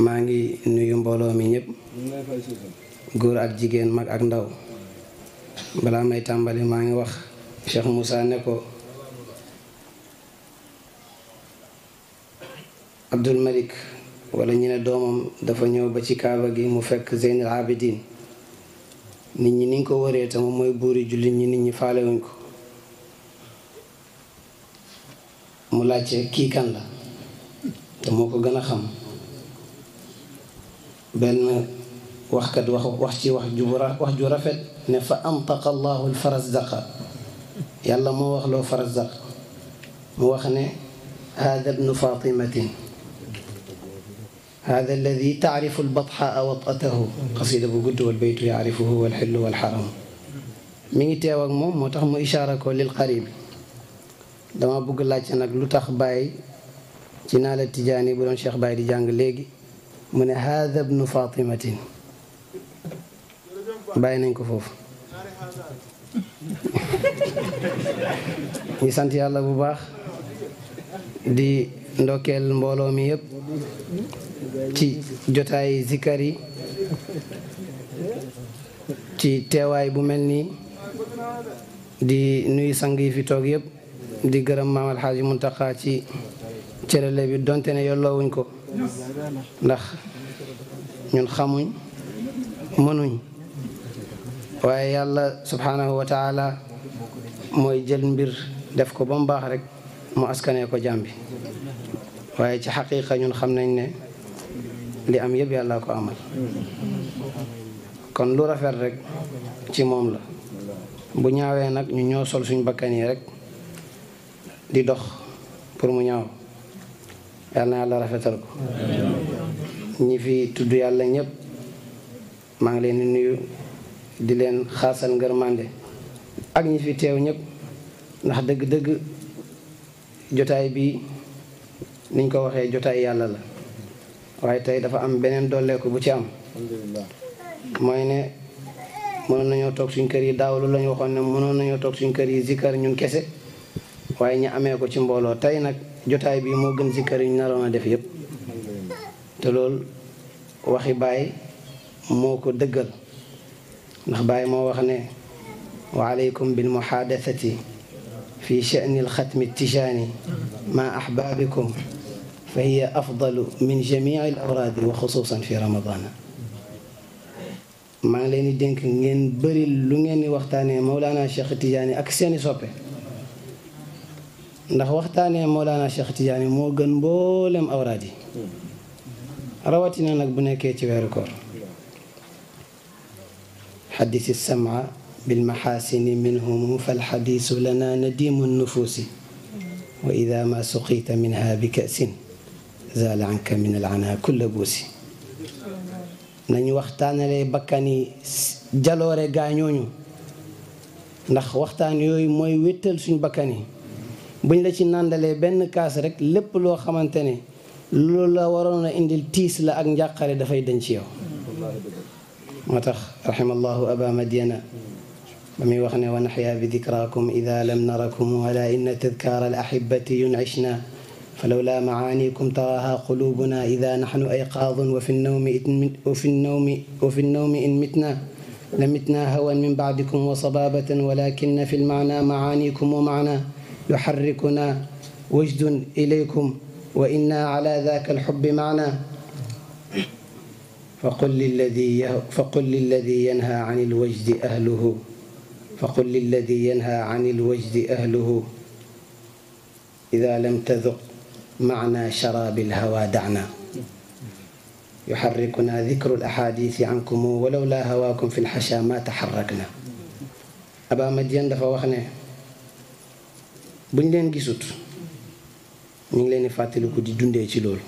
maa ngi nuyu mbooloo mi ñëpp góor ak jigéen mag ak ndaw balaa may tàmbali maa ngi wax Cheikh Moussa ne ko Abdul Malik wala ñu ne doomam dafa ñëw ba ci kaaba gi mu fekk Zeynul Abidin nit ñi niñ ko waree tam mooy buuri jullit ñi nit ñi faalewuñ ko mu laajte kii kan la te moo ko gën a xam benn waxkat wax wax ci wax ju rafet ne fa antaqa allahu alfarazdaqa yàlla moo wax loo farazdaq mu wax ne hada ibnu fatimatin hada alladi taarifu albatxaa watatahu xasida bu gudd wal baytu yaarifuhu walxillu walxaramu mi ngi teew ak moom moo tax mu ishaara ko lil qarib dama bëgg laajte nag lu tax bàyyi ci naa la tijaani bu doon cheikh bàyyi di jàng léegi mu ne haada bnu fatimatin bàyyi nañ ko foofu ñu sant yàlla bu baax di ndokkeel mbooloo mi yëpp ci jotaay zikkar yi ci teewaay bu mel nii di nuyu sang yi fi toog yëpp di gërëm maam alxaaji muntaqa ci cërale bi donte ne yolloowuñ ko ndax ñun xamuñ mënuñ waaye yàlla subhanahu wa taala mooy jël mbir def ko ba mu baax rek mu askanee ko jàmbi waaye ci xaqiqa ñun xam nañ ne li am yëpp yàlla ko amal kon lu rafet rek ci moom la bu ñaawee nag ñu ñoo sol suñ bakkan yi rek di dox pour mu ñaaw yal na yàlla rafetal ko ñi fi tudd yàlla ñépp maa ngi leen di nuyu di leen xaasal ngërmande ak ñi fi teew ñépp ndax dëgg-dëgg jotaay bi niñ ko waxee jotaay yàlla la waaye tey dafa am beneen dolleeku bu ci am mooy ne mënoon nañoo toog suñ kër yi daaw lu lañu waxoon ne mënoon nañoo toog suñ kër yi zikkar ñun kese waaye ñu amee ko ci mbooloo tey nag jotaay bi moo gën si kër yi ñu naroon a def yépp te loolu waxi baay moo ko dëggal ndax baay moo wax ne wa aleykum bil muhaadasati fi chani alxatmi tijaani ma ahbaabikum fa hiya afdalu min jamii al awraadi wa xusuusan fi ramadaana maa ngi leen di dénk ngeen bëri lu ngeen di waxtaanee Mawlaana Cheikh Tijaani ak seeni soppe ndax waxtaanee Mawlana Cheikh Tidiane moo gën mboolem awraad yi rawatina nag bu nekkee ci weeru koor xaddis sama bilmaxaasini minhum falxadiisu lana nadiimu nufuusi wa ida ma suqita minha bi kasin zaala anka min alana kulla buusi nañu waxtaanale bakkani jaloore gaañooñu ndax waxtaan yooyu mooy wéttal suñ bakkani buñ la ci nàndalee benn kaas rek lépp loo xamante ne loolu la waroon a indil tiis la ak njàqare dafay denc yow moo tax rahimallahu aba madiana ba muy wax ne wa naxyaa bi dikraakum ida lam narakum wala inna tadkaara al ahibati yunishna falawla maanikum taraha qulubuna ida naxnu ayqaadun wa fi nnawmi wa fi nnawmi wa fi nnawmi in mitna la mitna hawan min bacdikum wa sababatan walakina fi lmaana maanikum wa maana يحركنا وجد إليكم وإنا على ذاك الحب معنا فقل للذي فقل للذي ينهى عن الوجد أهله فقل للذي ينهى عن الوجد أهله إذا لم تذق معنى شراب الهوى دعنا يحركنا ذكر الأحاديث عنكم ولولا هواكم في الحشا ما تحركنا أبا مدين دفا وخنه bu ñu leen gisut ñu ngi leen di fàttaliku di dundee ci loolu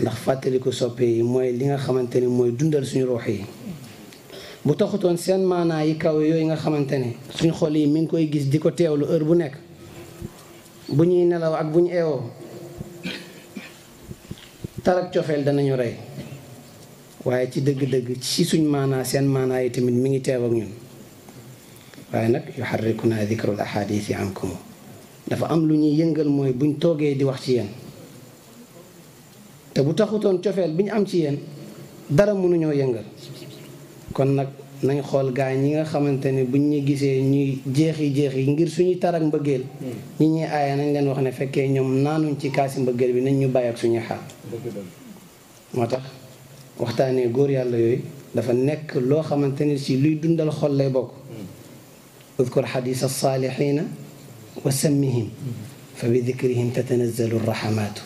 ndax fàttaliku soppe yi mooy li nga xamante ne mooy dundal suñu ruux yi bu taxutoon seen maanaa yi kaw yooyu nga xamante ne suñu xol yi mi ngi koy gis di ko teewlu heure bu nekk bu ñuy nelaw ak bu ñu eewoo tarak cofeel danañu rey waaye ci dëgg-dëgg ci suñu maanaa seen maanaa yi tamit mi ngi teew ak ñun waaye nag yuharrikuna dhikrul ahadisi ankum dafa am lu ñuy yëngal mooy buñ toogee di wax ci yéen te bu taxutoon cofeel bi ñu am ci yéen dara mënuñoo yëngal kon nag nañ xool gaa ñi nga xamante ni buñ ñu gisee ñuy jeexi jeex yi ngir suñuy tarak mbëggeel ñi ñuy aaya nañ leen wax ne fekkee ñoom naanuñ ci kaasi mbëggeel bi nañ ñu bàyyi ak suñuy xaal moo tax waxtaanee góor yàlla yooyu dafa nekk loo xamante ni si luy dundal xol lay bokk udkur xadiisa saalixiina wa sammihim fa bi dikrihim tatanazalu raxamaatu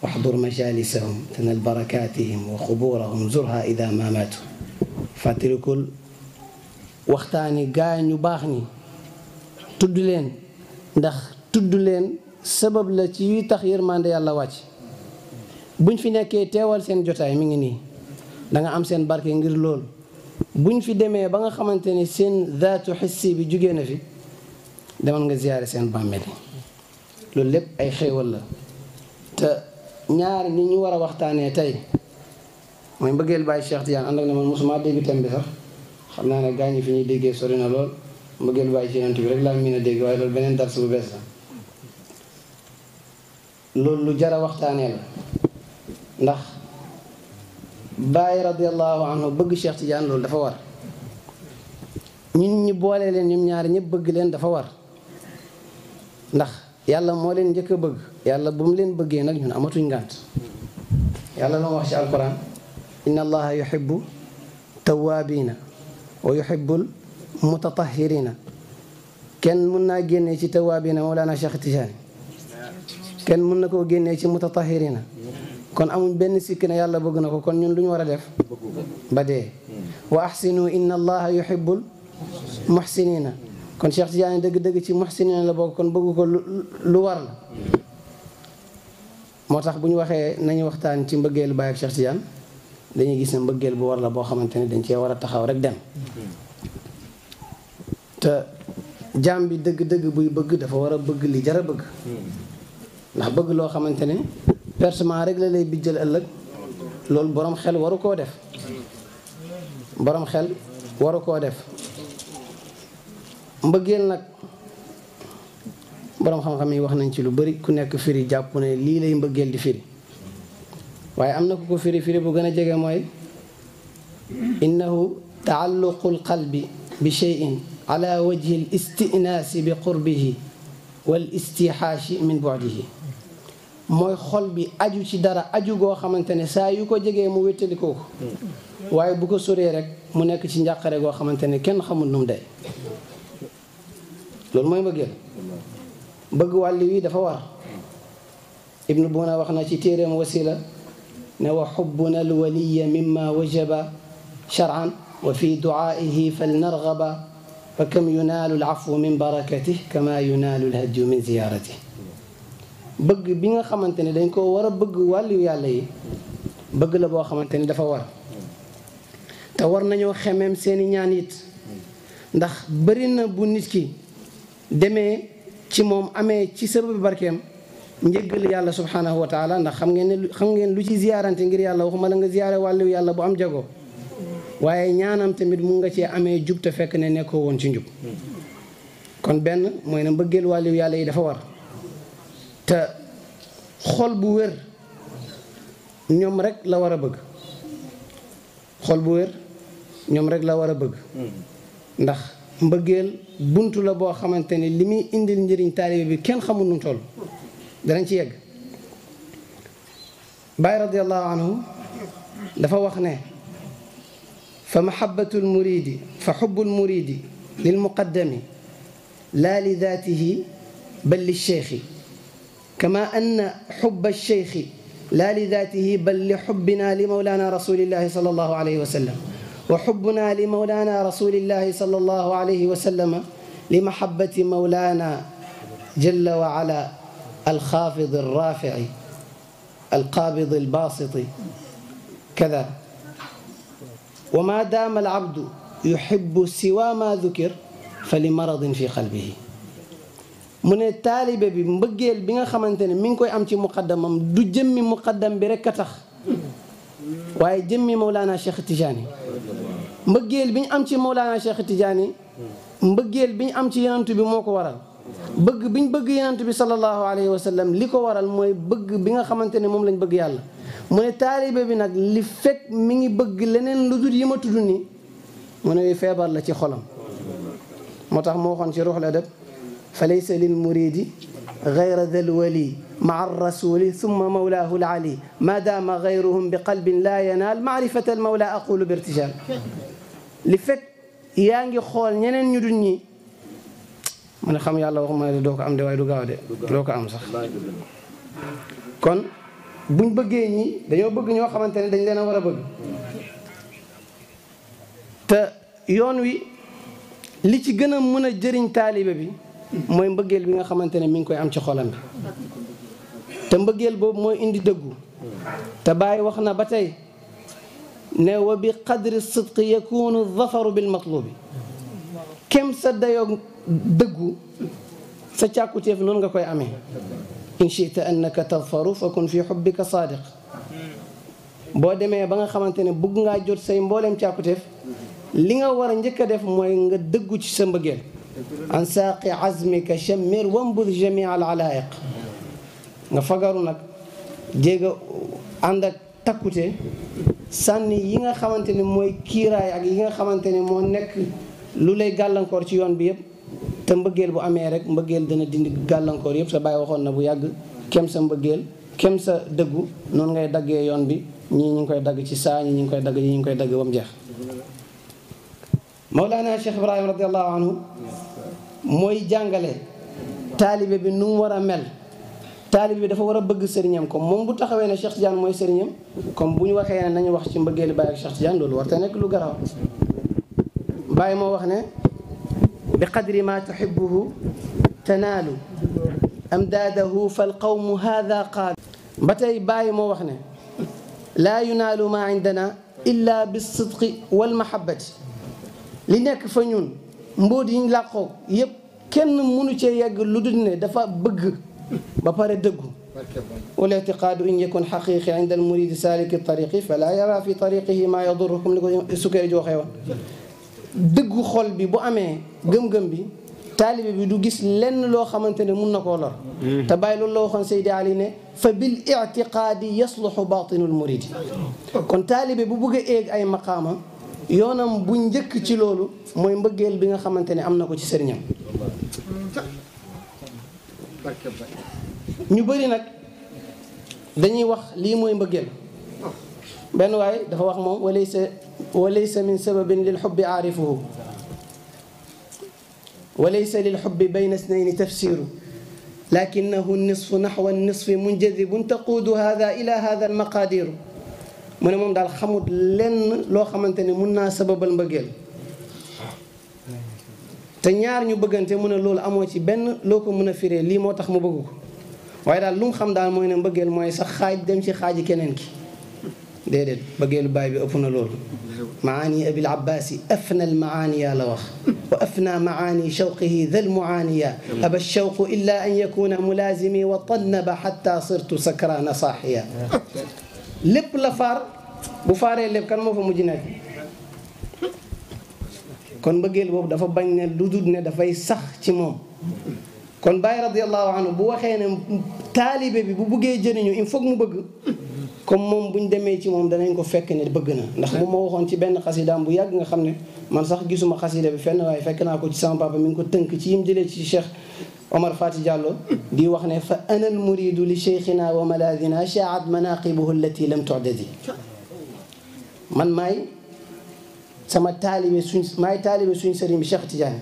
waxdur majalisahum tanal barakaatihim wa xubuurahum zurha ida maamaatu fàttalikul waxtaani gaa ñu baax ñi tudd leen ndax tudd leen sabab la ci yuy tax yërmande yàlla wàcc buñ fi nekkee teewal seen jotaay mi ngi nii danga am seen barke ngir loolu bu ñu fi demee ba nga xamante ni seen zaatu xissi bi jugee fi demal nga ziyaare seen bàmmeel loolu lépp ay xéewal la te ñaar ni ñu war a waxtaanee tey mooy mbëggeel bàyyi Cheikh Tidiane ànd ak ne man mosuma dégg thème bi sax xam naa ne gaañu fi ñuy déggee sori na lool mbëggeel bàyyi ci yonent bi rek laa mën a dégg waaye loolu beneen dars bu bees la loolu lu jar a waxtaanee la ndax bàyyi radiallahu anhu bëgg Cheikh Tidiane loolu dafa war ñun ñi boole leen ñoom ñaari ñëpp bëgg leen dafa war ndax yàlla moo leen njëkk a bëgg yàlla bu mu leen bëggee nag ñun amatuñ ngànt yàlla la wax ci alquran inna allaha yuhibbu tawaabiina wa yuhibbul mutatahirina kenn mun naa génnee ci tawaabiina Mawlana Cheikh Tidiane kenn mun na koo génnee ci mutatahirina kon amuñ benn sikk yàlla bëgg na ko kon ñun lu ñu war a def ba dee wa ahsinu inna allaha yuhibbul muhsinina kon Cheikh Tidiane dëgg-dëgg ci muhsinina la bokk kon bëgg ko lu war na moo tax bu ñu waxee nañu waxtaan ci mbëggeelu Baay ak Cheikh dañuy gis ne mbëggeel bu war la boo xamante ne dañ cee war a taxaw rek dem te jaam bi dëgg-dëgg buy bëgg dafa war a bëgg li jara bëgg ndax bëgg loo xamante versement rek la lay bijjal ëllëg loolu boroom xel waru koo def borom xel waru koo def mbëggeel nag borom xam-xam yi wax nañ ci lu bari ku nekk firi jàpp ne lii lay mbëggeel di firi waaye am na ku ko firi firi bu gën a jege mooy innahu taalluqu alqalbi bi cheyin ala wajhi al istinaasi bi qurbihi wal istixaashi min budihi mooy xol bi aju ci dara aju goo xamante ne saa yu ko jegee mu wéttalikoo ko waaye bu ko soree rek mu nekk ci njàqare goo xamante ne kenn xamul nu mu day loolu mooy mbëggeel bëgg wàll wi dafa war ibnu buna wax na ci téeréem wasila ne wa xubbuna alwaliya mimma wajaba charan wa fi duaaihi falnargaba fa kam yunaalu alafu min barakatih kama yunaalu alhadyu min ziyaaratih bëgg bi nga xamante ni dañ koo war a bëgg wàllu yàlla yi bëgg la boo xamante ni dafa war te war nañoo xemeem seeni ñaan yit ndax bëri na bu nit ki demee ci moom amee ci sëb barkeem njëggal yàlla subhanahu wa taala ndax xam ngeen ne xam ngeen lu ci ziyaarante ngir yàlla waxuma la nga ziyaare wàllu yàlla bu am jago waaye ñaanam tamit mu nga cee amee jub te fekk ne nekkoo woon ci njub kon benn mooy ne mbëggeel wàllu yàlla yi dafa war te xol bu wér ñoom rekk la war a bëgg xol bu wér ñoom rek la war a bëgg ndax mbëggeel buntu la boo xamante ni li muy indil njëriñ taalibe bi kenn xamu nu toll danañ ci yegg Baay radiyallahu anhu dafa wax ne fa mahabatu lmuridi fa xubbu lmuridi lilmuqaddami laa li daatihi bal li cheikhi kama anna xubba alcheikhi laa li daatihi bal li xubbina li mawlaana rasulillahi sal allahu alayhi wa sallam wa xubbuna li mawlaana rasulillahi sal allahu alayhi wa sallama li mahabati mawlaana jalla wa ala alxaafid alraafici alqaabid albaasiti kada wa maa daama alabdu yuxibu siwa maa dukir fa li maradin fi qalbihi mu ne taalibe bi mbëggeel bi nga xamante ne mi ngi koy am ci muqaddamam du jëmmi muqaddam bi rek a tax waaye jëmmi Mawlana Cheikh Tidiane mbëggeel bi ñu am ci Mawlana Cheikh Tidiane mbëggeel bi ñu am ci yenantu bi moo ko waral bëgg bi ñu bëgg yenantu bi sallallahu alayhi wa li ko waral mooy bëgg bi nga xamante ne moom lañ bëgg yàlla mu ne taalibe bi nag li fekk mi ngi bëgg leneen lu dul yi ma tudd nii mu ne feebar la ci xolam moo tax moo waxoon ci la adab fa laysa lil muridi gayra dal wali maa rasuli summa mawlaahu ma daama gayruhum bi qalbin laa yanaal maarifata al mawla aqulu bi irtijaal li yaa ngi xool ñeneen ñu dul ñi mu xam yàlla wax ma ne ko am de waaye du gaaw de doo am sax kon buñ bëggee ñi dañoo bëgg ñoo xamante ne dañ leen a war a yoon wi li ci gën a mën a jëriñ taalibe bi mooy mbëggeel bi nga xamante ne mu ngi koy am ci xolam bi te mbëggeel boobu mooy indi dëggu te bàyyi wax na ba tey ne wa bi qadri sidqi yakunu zafaru bil matlubi kem sa dayoo dëggu sa càkkuteef noonu nga koy amee in chita annaka tadfaru fa kun fi xubbika saadiq boo demee ba nga xamante ne bëgg ngaa jot say mbooleem càkkuteef li nga war a njëkk a def mooy nga dëggu ci sa mbëggeel an saaqi azmika shammir wambud jami al alaiq nga fagaru nag jéega ànd ak takkute sànni yi nga xamante ni mooy kiiraay ak yi nga xamante ni moo nekk lu lay gàllankoor ci yoon bi yëpp te mbëggeel bu amee rek mbëggeel dana dindi gàllankoor yëpp sa bàyyi waxoon na bu yàgg kem sa mbëggeel kem sa dëggu noonu ngay daggee yoon bi ñii ñu koy dagg ci saa ñi ñu ngi koy dagg ñi ngi koy dagg ba mu jeex Mawlana Cheikh Ibrahim radiallahu anhu mooy jàngale taalibe bi nu mu war a mel taalibe bi dafa war a bëgg sëriñam comme moom bu taxawee ne Cheikh Tidiane mooy sëriñam comme bu ñu waxee ne nañu wax ci mbëggeelu Baye ak Cheikh Tidiane loolu war te nekk lu garaaw Baye moo wax ne bi qadri ma tuhibbuhu tanaalu amdaadahu fal qawmu haada qaal ba tey Baye moo wax ne laa yunaalu ma indana illa bisidqi walmahabati li nekk fa ñun mbóot yi ñu làqoo yépp kenn mënu cee yegg lu dul ne dafa bëgg ba pare dëggu wal ictiqaadu in yakun xaqiqi inda al muridi saaliki tariqi fala yara fi tariqihi maa yadur comme ni ko sukkeeri ji waxee woon dëggu xol bi bu amee gëm bi taalibe bi du gis lenn loo xamante ne mun na koo lor mm-hmm. te bàyyi loolu la waxoon Seydi Ali ne fa bil ictiqaadi yasluxu batinul muridi oh. kon taalibe bu bëgg ay maqaama yoonam bu njëkk ci loolu mooy mbëggeel bi nga xamante ne am na ko ci sëriñam ñu bëri nag dañuy wax lii mooy mbëggeel benn waay dafa wax moom walaysa walaysa min sababin lil xubbi aarifuhu walaysa lil xubbi bayna snayni tafsiru lakinahu nisfu naxwa nisfi munjadibun taquudu hada ila hada almaqadiru mu ne moom daal xamut lenn loo xamante ne mun naa sababal mbëggeel te ñaar ñu bëggante mu ne loolu amoo ci benn loo ko mën a firee lii moo tax mu bëgg ko waaye daal lu mu xam daal mooy ne mbëggeel mooy sax xaaj dem ci xaaji keneen ki déedéet mbëggeelu baay bi ëpp na loolu maani abil abbaasi afna al maaniya la wax wa afna maani shawqihi dal muaniya aba shawqu illa an yakuna mulaazimi wa tannaba xatta sirtu sakraana saaxiya lépp la faar bu faaree lépp kan moo fa mujj nekk kon mbëggeel boobu dafa bañ ne lu dul ne dafay sax ci moom kon Baye radiallahu anhu bu waxee ne taalibe bi bu bëggee jëriñu il faut mu bëgg comme moom bu ñu demee ci moom danañ ko fekk ne bëgg na ndax mu ma waxoon ci benn xasidaam bu yàgg nga xam ne man sax gisuma xasida bi fenn waaye fekk naa ko ci sama papa mi ngi ko tënk ci yi mu jëlee ci Cheikh Omar Fati Diallo di wax ne fa ana al muridu li cheikhina wa malaadina shaat manaqibuhu allati lam tu'dadi man may sama taalibe suñ maay taalibe suñ sëriñ bi Cheikh Tidiane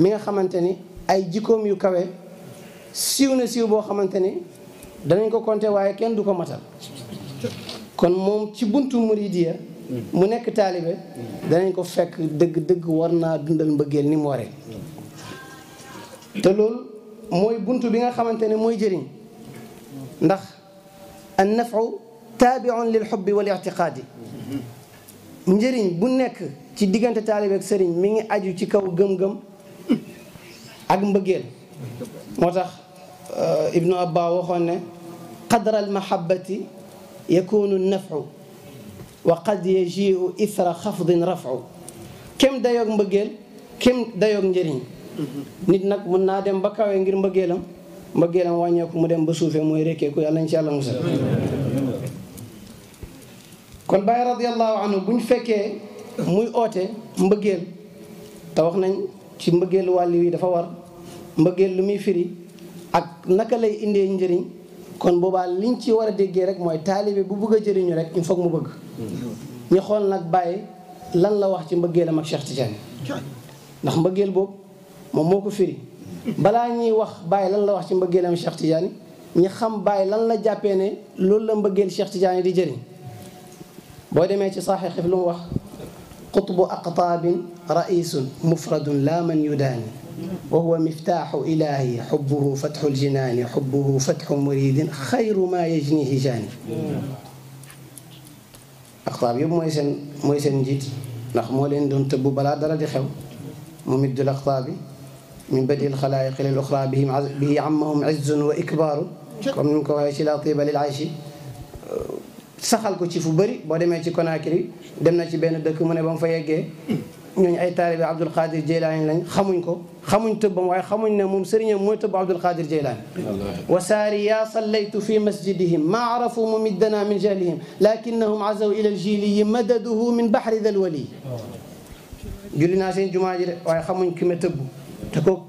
mi nga xamante ni ay jikkoom yu kawe siiw na siiw boo xamante ni danañ ko compter waaye kenn du ko matal kon moom ci buntu muridiya mu nekk taalibe danañ ko fekk dëgg dëgg war naa dundal mbëggeel ni mu waree te loolu mooy buntu bi nga xamante ne mooy jëriñ ndax an nafu taabiun lil xubbi wal ictiqaadi njëriñ bu nekk ci diggante taalibe ak sëriñ mi ngi aju ci kaw gëm-gëm ak mbëggeel moo tax euh, ibnu abba waxoon ne qadra almahabati yakunu nafu wa qad yajiu ithra xafdin rafu kem dayoog mbëggeel kem dayoog njëriñ nit nag mën naa dem ba kawee ngir mbëggeelam mbëggeelam wàññeeku mu dem ba suufee mooy rekkeeku yàlla ci yàlla musal kon Baye radiallahu anhu bu ñu fekkee muy oote mbëggeel te wax nañ ci mbëggeel wàll wi dafa war mbëggeel lu muy firi ak naka lay indee njëriñ kon boobaa liñ ci war a déggee rek mooy taalibe bu bëgg a jëriñu rek ñu foog mu bëgg ñu xool nag Baye lan la wax ci mbëggeelam ak Cheikh Tidiane ndax mbëggeel boobu moom moo ko firi balaa ñuy wax Baye lan la wax ci mbëggeelam Cheikh Tidiane ñi xam Baye lan la jàppee ne loolu la mbëggeel Cheikh Tidiane di jëriñ boo demee ci saxiix lu mu wax qutbu aqtaabin raisun mufradun laa man yudaani wa huwa miftaaxu ilaahi xubbuhu fatxu ljinaani xubbuhu fatxu muridin xayru maa yajnihi jaani aqtaab yëpp mooy seen mooy seen njiit ndax moo leen doon tëbb balaa dara di xew moom it dul aqtaab bi min badi alxalaayiq lil oxra bihim bihi ammahum izzun wa ikbaaru comme ni mu ko waxee ci la tiba lil ayshi saxal ko ci fu bëri boo demee ci Conakry dem na ci benn dëkk mu ne ba mu fa yeggee ñooñu ay taalibe Abdul Qadir Jeylaani lañ xamuñ ko xamuñ tëbbam waaye xamuñ ne moom sëriñam mooy tëbb Abdul Qadir Jeylaani wa saari yaa sallaytu fi masjidihim maa arafu mumiddana min jahlihim lakinnahum azaw ila aljiliyi madaduhu min bahri dal wali julli naa seen jumaa ji de waaye xamuñ ki ma tëbb te ko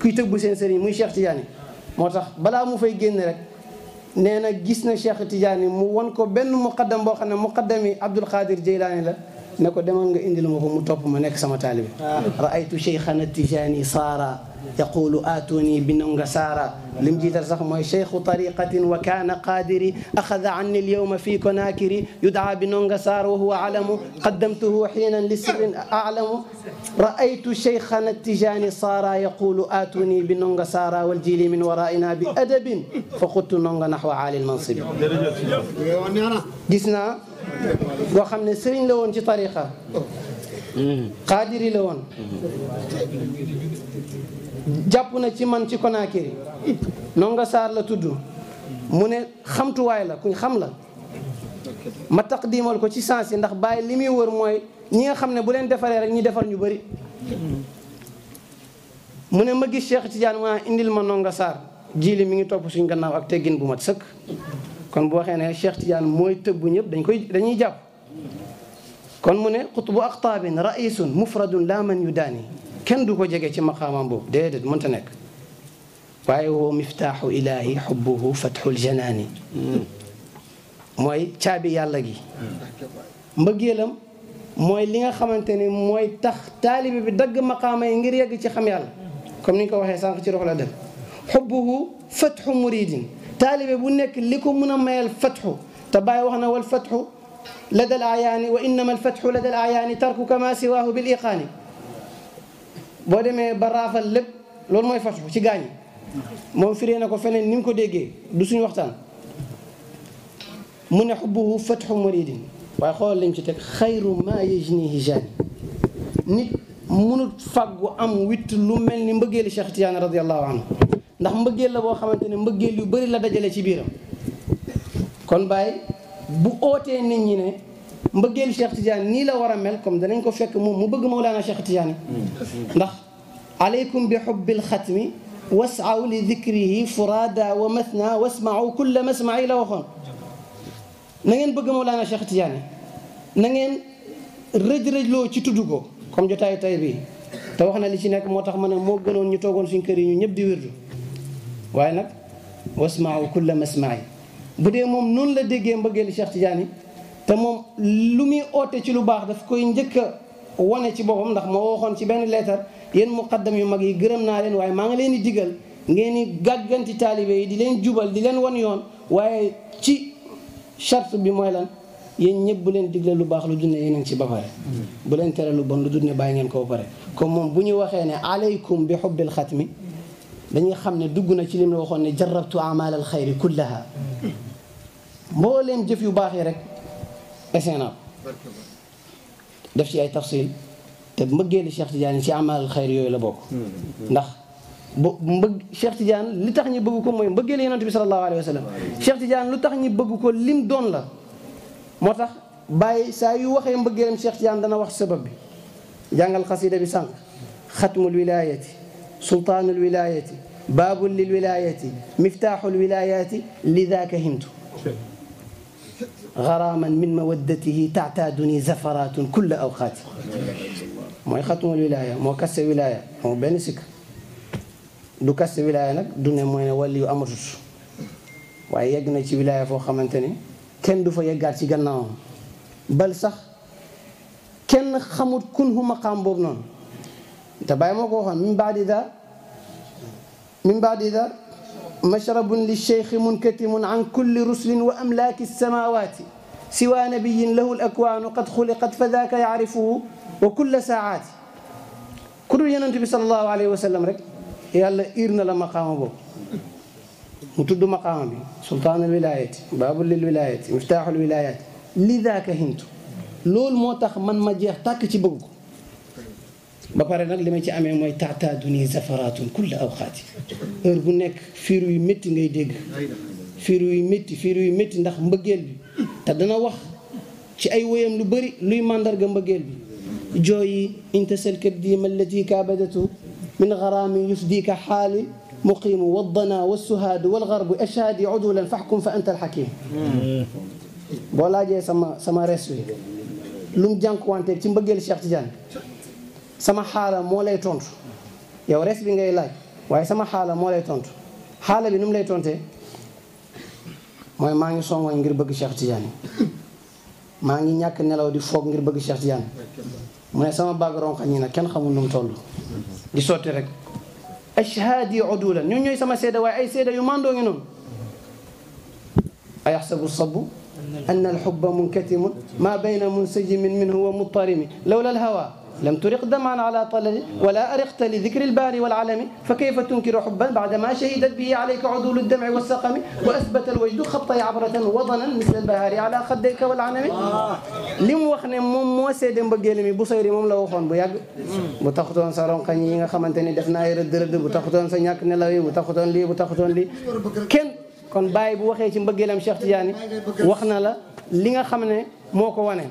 kuy tëbb seen sëriñ muy Cheikh Tidiane moo tax balaa mu fay génn rek nee na gis na Cheikh Tidiane mu won ko benn muqaddam boo xam ne muqaddam yi Abdul Xaadir Jeylaani la ne ko demal nga indil ma ko mu topp ma nekk sama taalibi ah. raaytu cheikhana tijaani saara yaqulu aatuni bi nanga saara lim jiital sax mooy cheikhu tariqatin wa kaana qaadiri axada anni alyawma fi konaakiri yudaa bi nanga saar wa huwa alamu qaddamtuhu xiinan li sirrin alamu raaytu cheikhana tijaani saara yaqulu aatuni bi nanga saara waljili min waraina bi adabin fa qultu nanga naxwa aali lmansibi gis naa boo xam ne sëriñ la woon ci tariqa hmm. xaadiri la woon jàpp na ci man ci Conakry Ndongo Sarr la tudd mu ne xamtuwaay la kuñ xam la ma taqdimal ko ci sens yi ndax bàyyi li muy wër mooy ñi nga xam ne bu leen defaree rek ñi defar ñu bari mu ne ma gis Cheikh Tidiane ma indil ma Ndongo Sarr jii mi ngi topp suñ gannaaw ak teggin bu mat sëkk kon bu waxee ne Cheikh Tidiane mooy tëbbu ñëpp dañ koy dañuy jàpp kon mu ne xutbu aqtaabin raisun mufradun laa man yu daani kenn du ko jege ci maqaamam boobu déedéet mënta nekk waaye woo miftaaxu ilaahi xubbuhu fatxul janaani mooy caabi yàlla gi mbëggeelam mooy li nga xamante ni mooy tax taalibi bi dagg maqaama yi ngir yegg ci xam yàlla comme ni ñu ko waxee sànq ci rox la dem xubbuhu fatxu muridin taalibe bu nekk li ko mën a mayal fatxu te bàyyi wax na wal fatxu la dal ayaani wa innama alfatxu la dal ayaani tarku kama siwaahu bil iqaani boo demee ba raafal lépp loolu mooy fatxu ci gaañi moom firee na ko feneen ni mu ko déggee du suñu waxtaan mu ne xubbuhu fatxu muridin waaye xoolal lim ci teg xayru ma yajnihi jaani nit munut fàggu am witt lu mel ni mbëggeeli Cheikh Tidiane radiallahu ndax mbëggeel la boo xamante ne mbëggeel yu bari la dajale ci biiram kon Baye bu ootee nit ñi ne mbëggeelu Cheikh Tidiane nii la war a mel comme danañ ko fekk moom mu bëgg Mawlana Cheikh Tidiane ndax aleykum bi xubbil xatmi wasaaw li dikrihi furada wa mathna wasmaaw kulla masmaa yi la waxoon na ngeen bëgg Mawlana Cheikh Tidiane na ngeen rëj-rëjloo ci tudd ko comme jotaayu tay bii te wax na li ci nekk moo tax ma ne moo gënoon ñu toogoon suñ kër yi ñu ñëpp di wirdu waaye nag wasmaaw kulla masmaay bu dee moom noonu la déggee mbëggeelu Cheikh Tidiane te moom lu muy oote ci lu baax daf koy njëkk a wane ci boppam ndax moo waxoon ci benn leetar yéen muqaddam yu mag yi gërëm naa leen waaye maa ngi leen di digal ngeen di gàgganti taalibe yi di leen jubal di leen wan yoon waaye ci charte bi mooy lan yéen ñëpp bu leen digle lu baax lu dul ne yéen ci ba hmm. bu leen tere lu bon lu dul bàyyi ngeen koo ba pare comme moom bu ñu waxee ne aleykum bi xubbil xatmi dañuy xam ne dugg na ci lim la waxoon ne jarabtu amal al xayri kullaha mbooleem jëf yu baax rek essayé def ci ay tafsil te mbëggeeli Cheikh Tidiane ci amal al yooyu la bokk ndax bu mbëgg Cheikh Tidiane li tax ñu bëgg ko mooy mbëggeeli yonent bi sallallahu alayhi wa sallam Cheikh lu tax ñi bëgg ko lim doon la moo tax bàyyi saa yu waxee mbëggeelam Cheikh Tidiane dana wax sabab bi jàngal xasida bi sànq xatmul wilayati sultaanul wilaayati baabul lil wilaayati miftaaxul wilaayaati lidaaka himtu garaaman min mawaddatihi taataaduni zafaraatun kulla awqaati mooy xatmul wilaaya moo kaste wilaaya moo benn sikk du kaste wilaaya nag du ne mooy ne wàlli yu amatut waaye yegg na ci wilaaya foo xamante ne kenn du fa yeggaat ci gannaawam bal sax kenn xamut kun hu maqaam boobu noonu te bàyyi moo ko waxoon min baadi da min baadi da mashrabun li cheikhi munkatimun an kulli ruslin wa amlaaki samaawaati siwa nabiyin lahu l akwaanu qad xuliqat fa daaka yaarifuhu wa kulla saaati ku dul yonent bi salallahu alayhi wa sallam rek yàlla ir na la maqaama boobu mu tudd maqaama bi sultaan al wilayati baabul lil wilayati miftaaxul wilayati li daaka hintu loolu moo tax man ma jeex tàkk ci bëgg ko ba pare nag li ma ci amee mooy taataadu nii zafaraatun kulla awqaati heure bu nekk fiir yu métti ngay dégg fiir yu métti fiir yu métti ndax mbëggeel bi te dana wax ci ay woyam lu bëri luy màndarga mbëggeel bi jooyi intasal kabdiima allati kaabadatu min garaami yufdika xaali muqiimu waddana wassuhaadu walgarbu ashaadi udulan faxkum fa anta alxakim boo laajee sama sama res wi lu mu jànkuwante ci mbëggeel Cheikh Tidiane sama xaala moo lay tontu yow res bi ngay laaj waaye sama xaala moo lay tontu xaala bi nu lay tontee mooy maa ngi songoñ ngir bëgg Cheikh Tidiane maa ngi ñàkk nelaw di foog ngir bëgg Cheikh Tidiane mu ne sama bàgg ronxa ñi nag kenn xamul nu mu toll di sotti rek ashhaadi udulan ñun ñooy sama seede waaye ay seede yu mandoo ngi noonu ayaxsabu sabu anna alxubba munkatimun maa bayna munsajimin minhu wa muttarimi lawla alhawa lam turiq daman ala talali wala ariqta li dicri albaari walalami fa kayfa tunkiru xubban baadama shahidat bihi alayka udulu aldamci walsaqami wa asbata alwajdu xabtay abratan wadanan misla albahaari ala xaddayka walanami li mu wax ne moom moo seede mbëggeele mi bu sayri moom la waxoon bu yàgg bu taxutoon sa ronkañ yi nga xamante ni def naa ay rëdd rëdd bu taxutoon sa ñàkk nelaw yi bu taxutoon lii bu taxutoon lii kenn kon bàyyi bu waxee ci mbëggeelam Cheikh Tidiane wax na la li nga xam ne moo ko wane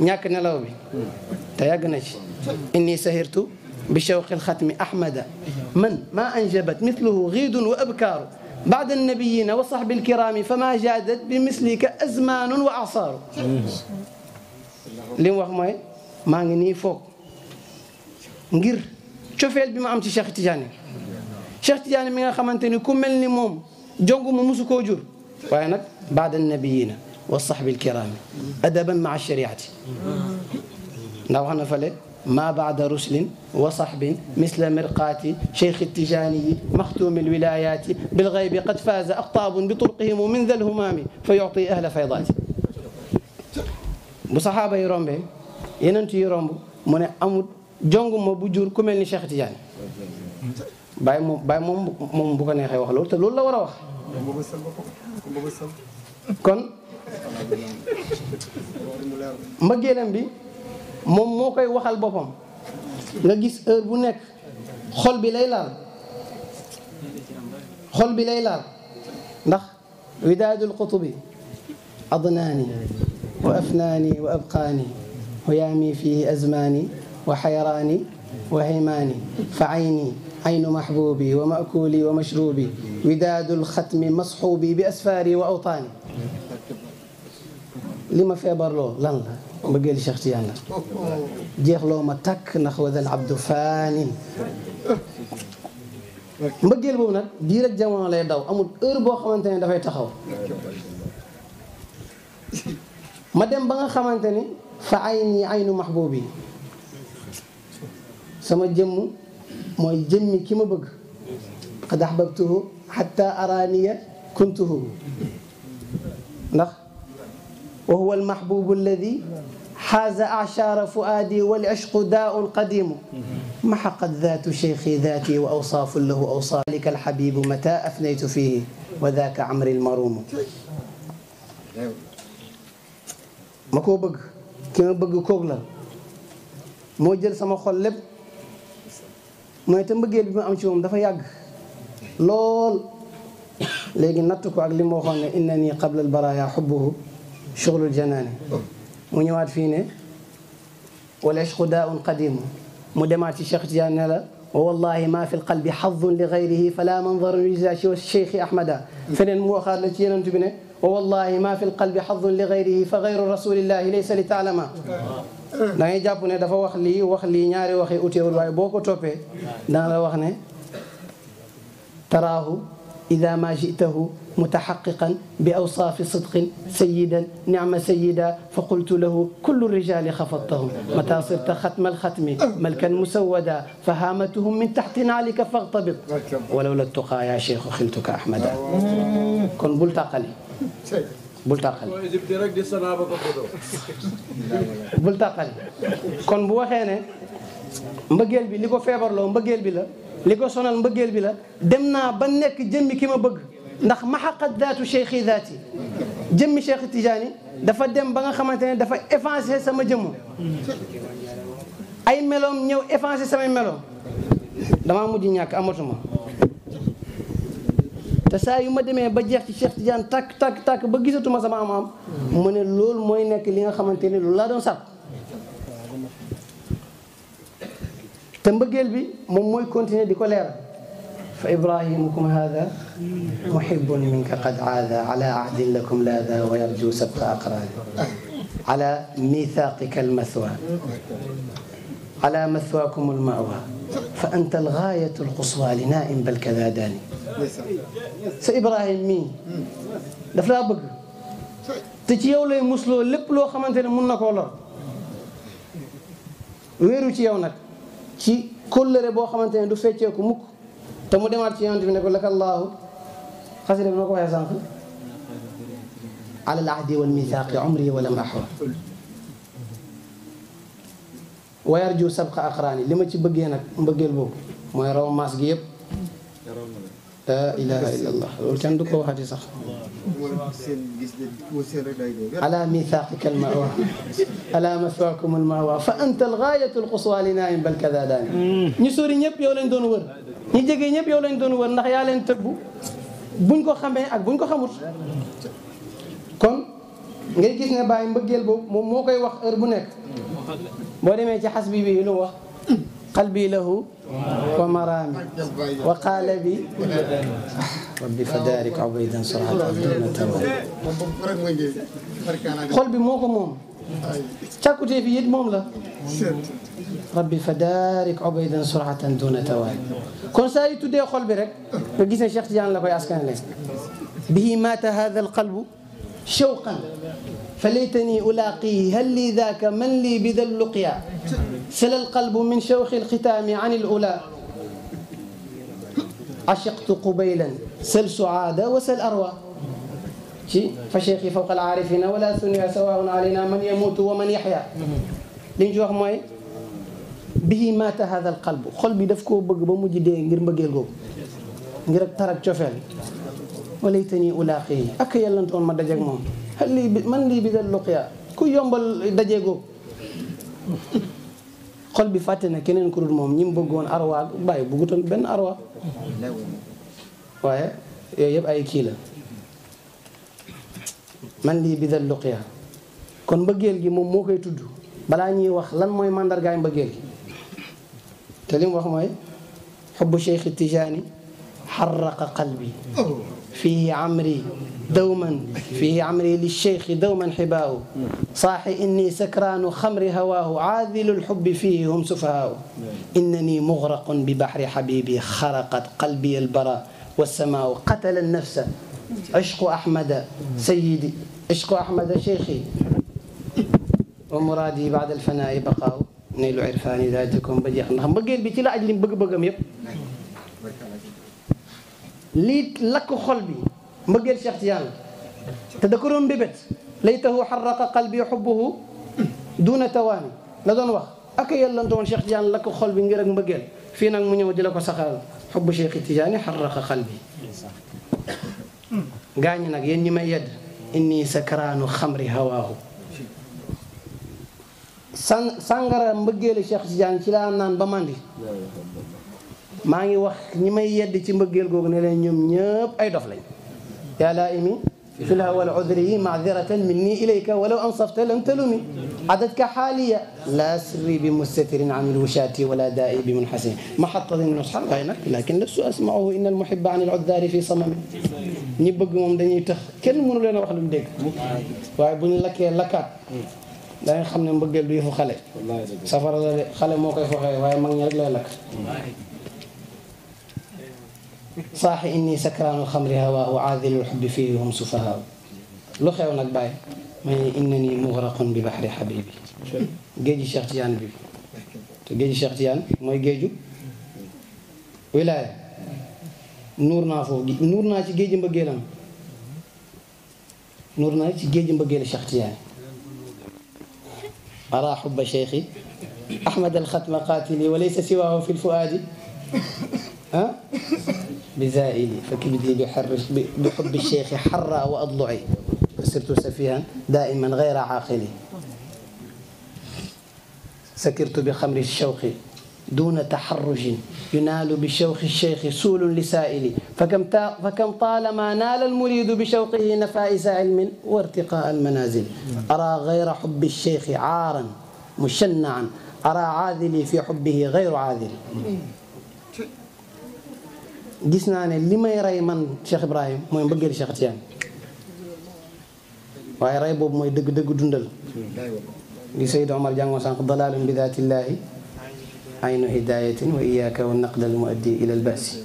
ñàkk nelaw bi te yàgg na ci inni sahirtu bi shawqil xatmi ahmada man maa anjabat mithluhu xiidun wa abkaaru baada annabiyina wa sahbi alkiraami fama jaadat bi mislika azmaanun wa asaaru li mu wax mooy maa ngi nii foog ngir cofeel bi ma am ci Cheikh Tidiane Cheikh Tidiane mi nga xamante ni ku mel ni moom jongu ma musu koo jur waaye nag baada annabiyina wa sahbi alkiraami adaban maa shariati ndax wax na fale maa baada ruslin wa sahbin misla mirqaati cheikh tijaaniyi maxtuumi alwilayaati bilxaybi qad faaza aqtaabun bi turqihimu min dal humaami fa yuti ahla faydaati bu saxaaba yi rombee yenentu yi romb mu ne amul jong ma bu jur ku mel ni cheikh tijaani bàyyi moom bàyyi moom moom bu ko neexee wax loolu te loolu la war a wax kon mbëggeelam bi moom moo koy waxal boppam nga gis heure bu nekk xol bi lay laal xol bi lay laal ndax widaadul qutubi adnaani wa afnaani wa abqaani ويامي في أزماني وحيراني وهيماني فعيني عين محبوبي ومأكولي ومشروبي وداد الختم مصحوبي بأسفاري وأوطاني li ma feebarloo lan la mbëggeel Cheikh Tijaan la jeexloo ma tàkk ndax wadan abdu faanin mbëggeel boobu nag bii rek jamono lay daw amul heure boo xamante ne dafay taxaw ma dem ba nga xamante ni fa ayni aynu mahbubi sama jëmm mooy jëmmi ki ma bëgg qad ahbabtuhu xatta araniya kuntuhu ndax wa huwa almahbubu alladi xaaza achaara fuaadi wal ishqu daaun qadimu maxaqat daatu cheikhi daati wa awsaafu lahu awsaaf dalika alxabibu mata afnaytu fihi wa daaka amri almaruumu ma koo bëgg ki ma bëgg koog la moo jël sama xol lépp mooy te mbëggeel bi ma am ci moom dafa yàgg lool léegi natt ko ak li ma waxoon ne inna nii qabla albaraaya xubbuhu shuxlul janaani oh. mu ñëwaat fii ne wala ishqu daa un qadimu mu demaat ci Cheikh Tidiane ne la wa wallahi ma fi lqalbi xadun li gayrihi fala mandarun yujza siwa cheikhi ahmada feneen mu waxaat la ci yenent bi ne wa wallahi ma fi lqalbi xadun li gayrihi fa gayru rasulillahi laysa li taalama da ngay jàpp ne dafa wax lii wax lii ñaari waxi uteewul waaye boo ko toppee dana la wax ne taraahu ida ma jitahu mutaxaqiqan bi awsaafi sidqin sayidan nicma sayida fa qultu lahu kullu rijali xafadtahum mata sirta xatma alxatmi malkan musawada fa haamatuhum min taxti naalika faxtabit walaw la tuqaa yaa cheikhu xiltuka ahmada kon bul tàqali bul tàqali bul tàqali kon bu waxee ne mbëggeel bi li ko feebarloo mbëggeel bi la li ko sonal mbëggeel bi la dem naa ba nekk jëmmi ki ma bëgg ndax maxaqat daatu cheikhi daati jëmmi cheikh Tidiane dafa dem ba nga xamante ne dafa effacé sama jëmm ay meloom ñëw effacé samay meloom damaa mujj ñàkk amatuma te saa yu ma demee ba jeex ci cheikh Tidiane takk tàkk tàkk ba gisatuma sama am am mu ne loolu mooy nekk li nga xamante ne loolu laa doon sàkk te mbëggeel bi moom mooy continuer di ko leeral fa ibrahimukum hada muhibun minka qad aada ala ahdin lakum laada wa yarju sabta aqraani ala mithaqika almathwa ala mathwakum almawa fa anta algaayatu alquswa li naim bal kada daani sa ibrahim mii daf laa bëgg te ci yow lay musloo lépp loo xamante ne mun na koo lor wéeru ci yow nag ci kóllëre boo xamante ne du fecceeku mukk te mu demaat ci yonent bi ne ko laka llaahu xasida bi ko waxee sànq ala al ahdi wal mithaaqi umri sabqa aqraani li ma ci bëggee nag mbëggeel boobu mooy raw maas gi yëpp laa ilaha illa allah loolu kenn du ko waxati sax ala mithaqika al mawa ala maswaakum al mawa fa anta al gaayatu al quswa li naim bal kada daani hmm. ñu sori ñëpp yow lañ doon wër ñu jege ñëpp yow lañ doon wër ndax yaa leen tëbbu buñ ko xamee ak buñ ko xamut kon ngay gis ne bàyyi mbëggeel boobu moom moo koy wax heure bu nekk boo demee ci xas bi bi lu mu wax qalbi lahu wa marami wa qaala bi rabbi fadarik abaydan saraat xol bi moo ko moom càkkutee fi it moom la rabbi fadarik abaydan suratan duna tawaay kon saa yi tuddee xol bi rek nga gis ne Cheikh Tidiane la koy askanale bihi mata hada alqalbu shawqan فليتني ألاقيه هل لي ذاك من لي بذا اللقيا سل القلب من شوخ الختام عن الأولى عشقت قبيلا سل سعادة وسل أروى فشيخي فوق العارفين ولا ثنيا سواء علينا من يموت ومن يحيا liñ ci wax mooy bihi maata hadha al qalb xol bi daf koo bëgg ba mujj dee ngir mbëggeel googu ngir ak tarak cofeel walaytani ulaaqi ak yàllantoon ma dajak moom man lii bi dal luqya ku yombal dajeegoo xol bi fàtte na keneen ku moom ñi mu bëggoon arwa bàyyi bëggutoon benn arwa waaye yooyu yëpp ay kii la man lii bi dal luqya kon mbëggeel gi moom moo koy tudd balaa ñuy wax lan mooy màndargaay mbëggeel gi te li wax mooy xubbu cheikh tijaani xarraqa qalbi فيه عمري دوما فيه عمري للشيخ دوما حباه صاحي إني سكران خمر هواه عاذل الحب فيه هم سفهاء إنني مغرق ببحر حبيبي خرقت قلبي البرى والسماء قتل النفس عشق أحمد سيدي عشق أحمد شيخي ومرادي بعد الفناء بقاء نيل عرفان ذاتكم بجيخ ndax mbëggeel bi ci la aj lim bëgg bëggam yépp lii lakk xol bi mbëggeel Cheikh Tijaan te da ko doon bébét laytahu xarraqa qalbi xubbuhu duna tawaani la doon wax ak yàllante woon Cheikh Tijaan lakk xol bi ngir ak mbëggeel fii nag mu ñëw di la ko saxal xubbu Cheikh Tijaani xarraqa qalbi gaañi nag yéen ñi may yedd inni sakraanu xamri hawaahu san sàngara mbëggeelu Cheikh Tijaan ci laa naan ba mandi maa ngi wax ñi may yedd ci mbëggeel googu ne leen ñoom ñëpp ay dof lañ yaa laa imi fi l hawa al udri maadiratan minni ilayka walaw ansafta lam talumi adadka xaaliya la sirri bi mustatirin an lwushati wala daai bi munxasin maxatatin nusxan waaye nag lakin lastu asmaahu inna almuhiba an aluddaari fi samami ñi bëgg moom dañuy tax kenn mënu leen a wax lu dégg waaye bu ñu lakkee lakkaat da nga xam ne mbëggeel du yëfu xale safara la de xale moo koy foxee waaye mag ñi rek lay lakk saax inni sakraanul xamri hawaa wa aadilul xubbi fii hum sufahaa lu xew nag bàyyi ma ne inna nii mugraqun bi baxri xabibi géeju Cheikh Tidiane bi te géeju Cheikh Tidiane mooy géeju wilaaya nuur naa foofu nuur naa ci géeju mbëggeelam nuur naa ci géeju mbëggeelu Cheikh Tidiane araa xubba cheikhi ahmad alxatma qaatili wa laysa siwaahu fi lfuaadi ah بزائلي فكبدي بحر بحب الشيخ حرى وأضلعي فصرت سفيها دائما غير عاقل سكرت بخمر الشوق دون تحرج ينال بشوق الشيخ سول لسائل فكم, فكم طالما نال المريد بشوقه نفائس علم وارتقاء المنازل أرى غير حب الشيخ عارا مشنعا أرى عاذلي في حبه غير عاذل gis naa ne li may rey man Cheikh Ibrahim mooy mbëggeel Cheikh Tijaan waaye rey boobu mooy dëgg-dëgg dundal li Seyd Omar jàngoon sànq dalaalum bi daatillaahi aynu hidayatin wa iyaaka wa naqdal muaddi ila albasi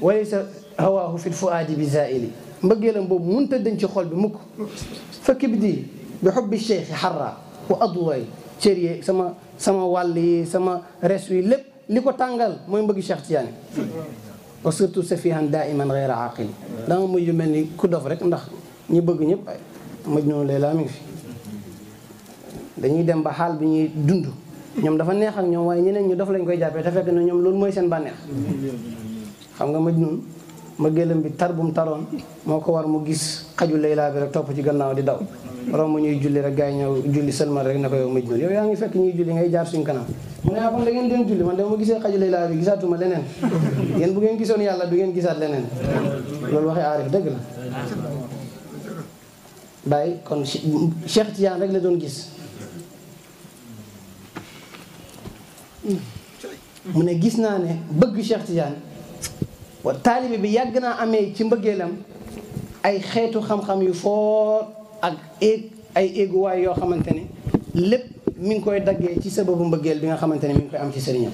walaysa hawaahu fi lfuaadi bi zaili mbëggeelam boobu munta denc ci xol bi mukk fa kibdi bi xubbi cheikh xarra wa adwaay cër yi sama sama wàll yi sama res yi lépp li ko tàngal mooy mbëgg Cheikh Tidiane wa surtout safihan daiman geyra aqil danga mujj mel ni ku dof rek ndax ñi bëgg ñëpp maj noonu lay laa mi ngi fi dañuy dem ba xaal bi ñuy dund ñoom dafa neex ak ñoom waaye ñeneen ñu dof lañ koy jàppee te fekk na ñoom loolu mooy seen bànneex xam nga maj noonu ma gëlëm bi tar bu mu taroon moo ko war mu gis xaju laylaa bi rek topp ci gannaaw di daw romb ñuy julli rek gars ñëw julli seulement rek na ko yow maj noonu yow yaa ngi fekk ñuy julli ngay jaar suñ kanam mu ne ah kon da ngeen doon julli man dama gisee xaju laylaa bi gisaatuma leneen bu ngeen gisoon yàlla du ngeen gisaat leneen loolu waxee aarif dëgg la bàyyi kon Cheikh Tijaan rek la doon gis mu ne gis naa ne bëgg Cheikh Tijaan wa bi yàgg naa amee ci mbëggeelam ay xeetu xam-xam yu foor ak éeg ay éeguwaay yoo xamante ne lépp mi ngi koy daggee ci sababu mbëggeel bi nga xamante ne mi ngi koy am ci sëriñam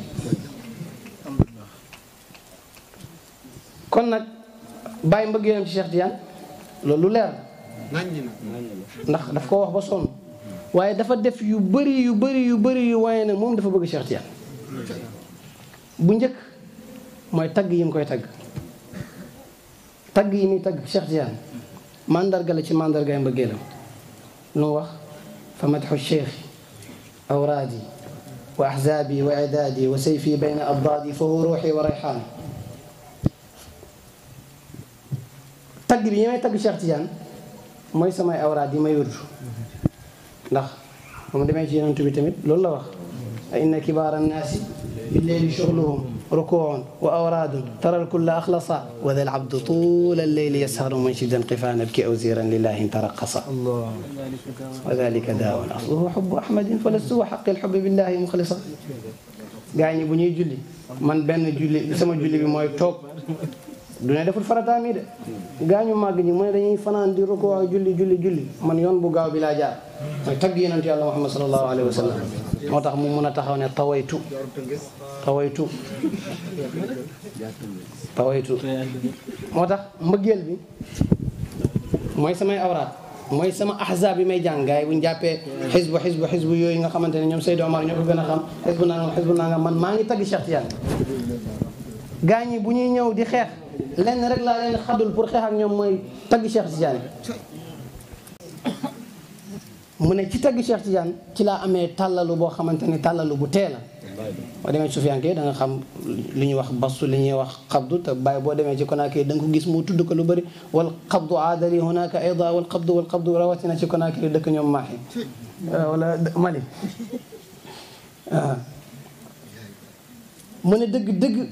kon nag bàyyi mbëggeelam ci Cheikh Tidiane loolu leer ndax daf ko wax ba sonn waaye dafa def yu bëri yu bari yu bari yu waaye nag moom dafa bëgg Cheikh bu njëkk mooy tagg yi koy tagg tagg yi muy tagg Cheikh Tidiane mandarga la ci mandargaay mbëggeelam lu mu wax fa madxu cheikh awraadi wa ahzaabi wa idaadi wa sayfi bayna abdaadi fa huwa ruuxi wa rayxaan tagg bi ñi may tagg Cheikh mooy samay awraad yi may wurdu ndax ba loolu la wax a inna kibaara annaasi billeyli shuxluhum ركوع وأوراد ترى الكل أخلصا وذا العبد طول الليل يسهر منشدا قفا نبكي أو زيرا لله ترقصا وذلك داء أصله حب أحمد فلست حق الحب بالله مخلصا gaañ ñi bu ñuy julli man benn julli sama julli bi mooy toog du ne deful farata mi de gaañu màgg ñi mu ne dañuy fanaan di rukoo ak julli julli julli man yoon bu gaaw bi laa jaar mooy tagg yonent yàlla Muhammad sallallahu alayhi wa sallam moo tax mu mun a taxaw ne tawaytu tawaytu tawaytu moo tax mbëggeel bi mooy samay awraat mooy sama ahzaab bi may jàng gars yi bu ñu jàppee xisbu xisbu xisbu yooyu nga xamante ne ñoom Seydou Omar ñoo ko gën a xam xisbu naa xisbu nangam man maa ngi tagg Cheikh Tidiane gars ñi bu ñuy ñëw di xeex lenn rek laa leen xadul pour xeex ñoom mooy tagg Cheikh Tidiane mu ne ci tagg Cheikh Tidiane ci laa amee tàllalu boo xamante ne tàllalu bu tee la boo demee ci sufiyanke xam li ñuy wax bastu li ñuy wax xabdu te bàyyi boo demee ci ko konaakiri da nga ko gis mu tudd ko lu bëri wal xabdu aadali hunaka ayda wal xabdu wal xabdu rawatina ci konaakiri dëkk ñoom maaxi wala Mali waaw mu ne dëgg dëgg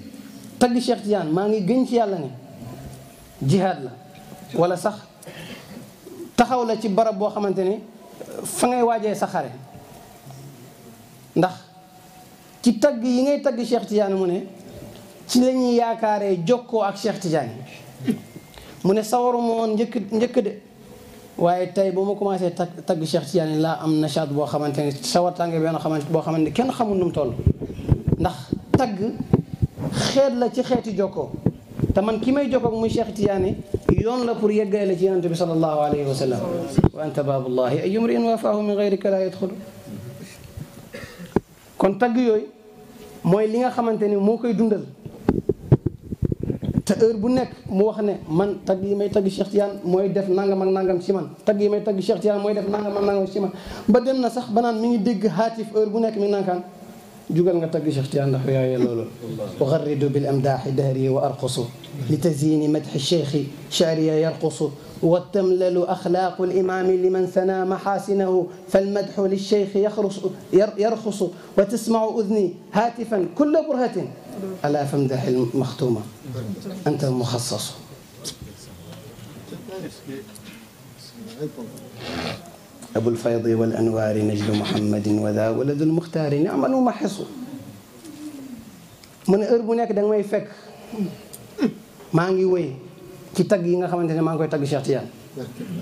tagg Cheikh maa ngi gën ci yàlla ne jihaad la walla sax taxaw la ci barab boo xamante ni fa ngay waajee sa ci tagg yi ngay tagg Cheikh Tidiane mu ne ci la ñuy yaakaaree jokkoo ak Cheikh Tidiane mu ne sawaruma woon njëkk njëkk de waaye tey boo ma commencé tagg tagg Cheikh Tidiane laa am nachaat boo xamante ne sawar tànge benn xamante boo xamante kenn xamul nu mu ndax tagg xeet la ci xeeti jokkoo te man ki may jokkoo muy Cheikh Tidiane yoon la pour yeggale ci yonente bi sallallahu alayhi wa sallam wa anta baabullahi ayumri in waafaahu min gayrika laa yadxulu kon tagg yooyu mooy li nga xamante ne moo koy dundal te heure bu nekk moo wax ne man tagg yi may tagg Cheikh mooy def nangam ak nangam ci man tagg yi may tagg Cheikh mooy def nangam ak nangam ci man ba na sax banaan mi ngi dégg haatif heure bu nekk mi nankaan jugal nga tagg Cheikh Tidiane ndax yaayee loolu ugarridu bil amdaaxi dahri wa arqusu li tazini madxi cheikhi chaariya yarqusu والتملل أخلاق الإمام لمن ثنى محاسنه فالمدح للشيخ يخرص يرخص وتسمع أذني هاتفا كل برهة ألا فامدح المختومة أنت المخصص أبو الفيض والأنوار نجل محمد وذا ولد المختار نعم الممحص من أرب nekk danga may fekk maa ngi wéy ci tagg yi nga xamante ne maa ngi koy tagg Cheikh Tidiane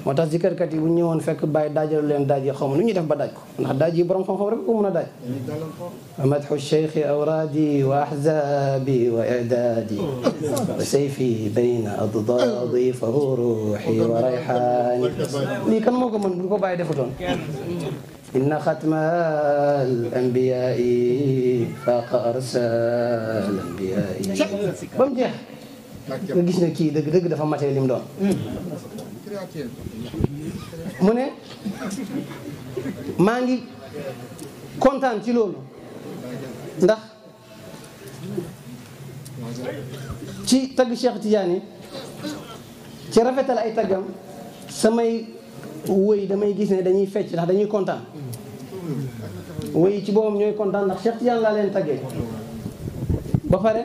moo tax zikarkat yi bu ñu ñëwoon fekk bàyyi daajalu leen daaj yi xawma nu ñuy def ba daaj ko ndax daaj yi borom xam-xam rek ko mën a daaj madxu cheikhi awraadi wa ahzabi wa idaadi wa sayfi bayna addaadi fa ruuxi wa rayxaani lii kan moo ko mën bu ko bàyyi defutoon إن ختم الأنبياء فاق أرسال الأنبياء بمجح nga gis ne kii dëgg dëgg dafa matee lim doon hmm. mu ne maa ngi kontaan ci loolu ndax ci tagg Cheikh yi ci rafetal ay taggam samay woy damay gis ne dañuy fecc ndax dañuy kontaan woy ci boobam ñooy kontaan ndax Cheikh Tidiane laa leen taggee ba pare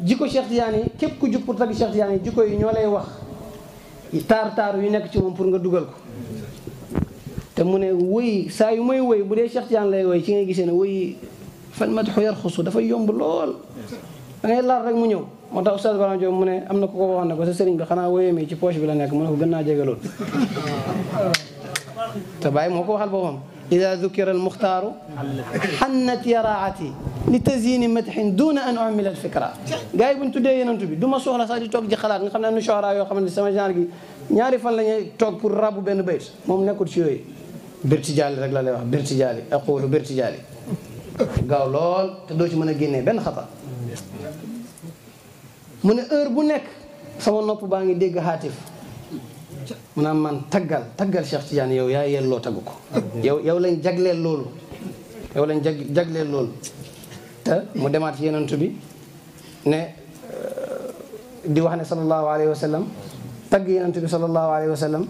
jikko Cheikh Tidiane yi képp ku jug pour tagg Cheikh yi jikko yi ñoo lay wax taar taar yu nekk ci moom pour nga dugal ko te mu ne woy saa yu may woy bu dee Cheikh Tidiane lay woy ci ngay gisee ne woy fan ma taxu yar xusu dafay yomb lool da ngay laal rek mu ñëw moo tax Oustaz Baram Diop mu ne am na ko ko waxoon ne ko sa sëriñ bi xanaa woyee mi ci poche bi la nekk mu ne ko gën naa jege lool te bàyyi moo ko waxal boppam إذا ذكر المختار حنت يراعتي لتزيين مدح دون أن أعمل الفكرة gars yi bu ñu tuddee Yonent bi du ma soxla sax di toog di xalaat nga xam ne am na soxla yoo xam ne sama genre gi ñaari fan la ñuy toog pour rabu benn bayt moom nekkul ci yooyu birtijaali rek la lay wax birtijaali aqulu birtijaali gaaw lool te doo ci mën a génnee benn xata mu ne heure bu nekk sama nopp baa ngi dégg xaatif mu naan man taggal taggal Cheikh Tidiane yow yaa yelloo tagg ko yow yow lañ jagleel loolu yow lañ jag jagleel loolu te mu demaat ci yenentu bi ne euh, di wax ne sallallahu alayhi wa sallam tagg yenentu bi sallallahu alayhi wa sallam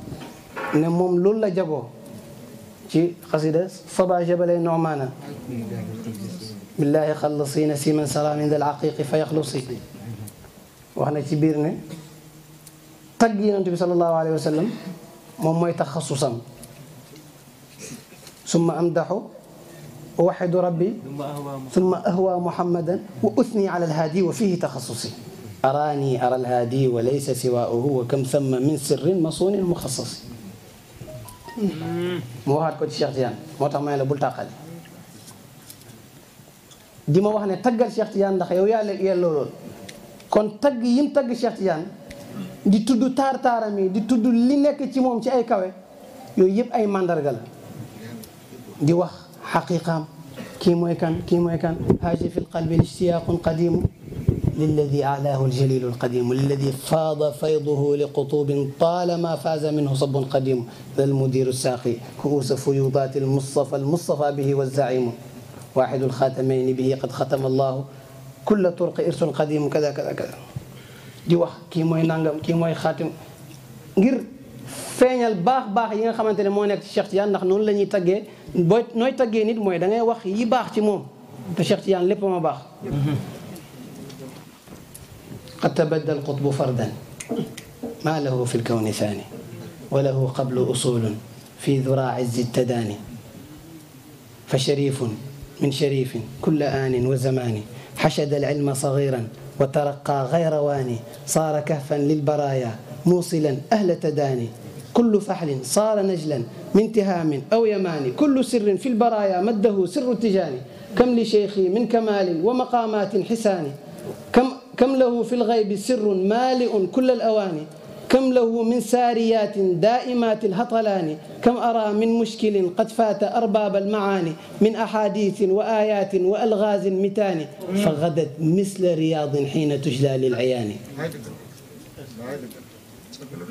ne moom loolu la jagoo ci xasida saba jabalay nomaana billaahi xallasina si man salaamin dal aqiqi fa yaxlusi wax na ci biir ne tagg yonent bi sallallahu alayhi wa sallam moom mooy taxasusam summa amdaxu wa waxidu rabbi summa ahwa muhammadan wa usni ala alhaadi wa fihi taxasusi araani ara alhaadi wa laysa siwaauhu wa kam thamma min sirrin masuunin muxassasi mu waxaat ko ci Cheikh Tidiane moo tax ma ne la bul tàqale di ma wax ne taggal Cheikh Tidiane ndax yow yaa yelloo lool kon tagg yim tagg Cheikh Tidiane di tudd taar taaram yi di tudd li nekk ci moom ci ay kawe yooyu yëpp ay màndarga la di wax xaqiqaam kii mooy kan kii mooy kan haaji fi lqalbi ishtiyaaqun qadimu lilladi alaahu aljalilu alqadimu lilladi faada fayduhu li qutubin taalama faaza minhu sabun qadimu lilmudiru saaqi kuusa fuyudaati almustafa almustafa bihi wazzaimu waaxidu alxaatamayni bihi qad xatama allahu kulla turqi irsun qadimu kada kada kada di wax kii mooy nangam kii mooy xaatim ngir feeñal baax baax yi nga xamante ne moo nekk ci Cheikh Tidiane ndax noonu la ñuy taggee booy nooy taggee nit mooy da ngay wax yi baax ci moom te Cheikh Tidiane lépp ma baax qad tabadda al qutbu fardan maa lahu fi lkawni saani wa lahu qablu usulun fi duraa izzi tadaani fa sharifun min sharifin kulla aanin wa zamaani xashada al ilma sagiran وترقى غير واني صار كهفا للبرايا موصلا أهل تداني كل فحل صار نجلا من تهام أو يمان كل سر في البرايا مده سر التجاني كم لشيخي من كمال ومقامات حسان كم, كم له في الغيب سر مالئ كل الأواني كم له من ساريات دائمات الهطلان كم أرى من مشكل قد فات أرباب المعاني من أحاديث وآيات وألغاز متان فغدت مثل رياض حين تجلى للعيان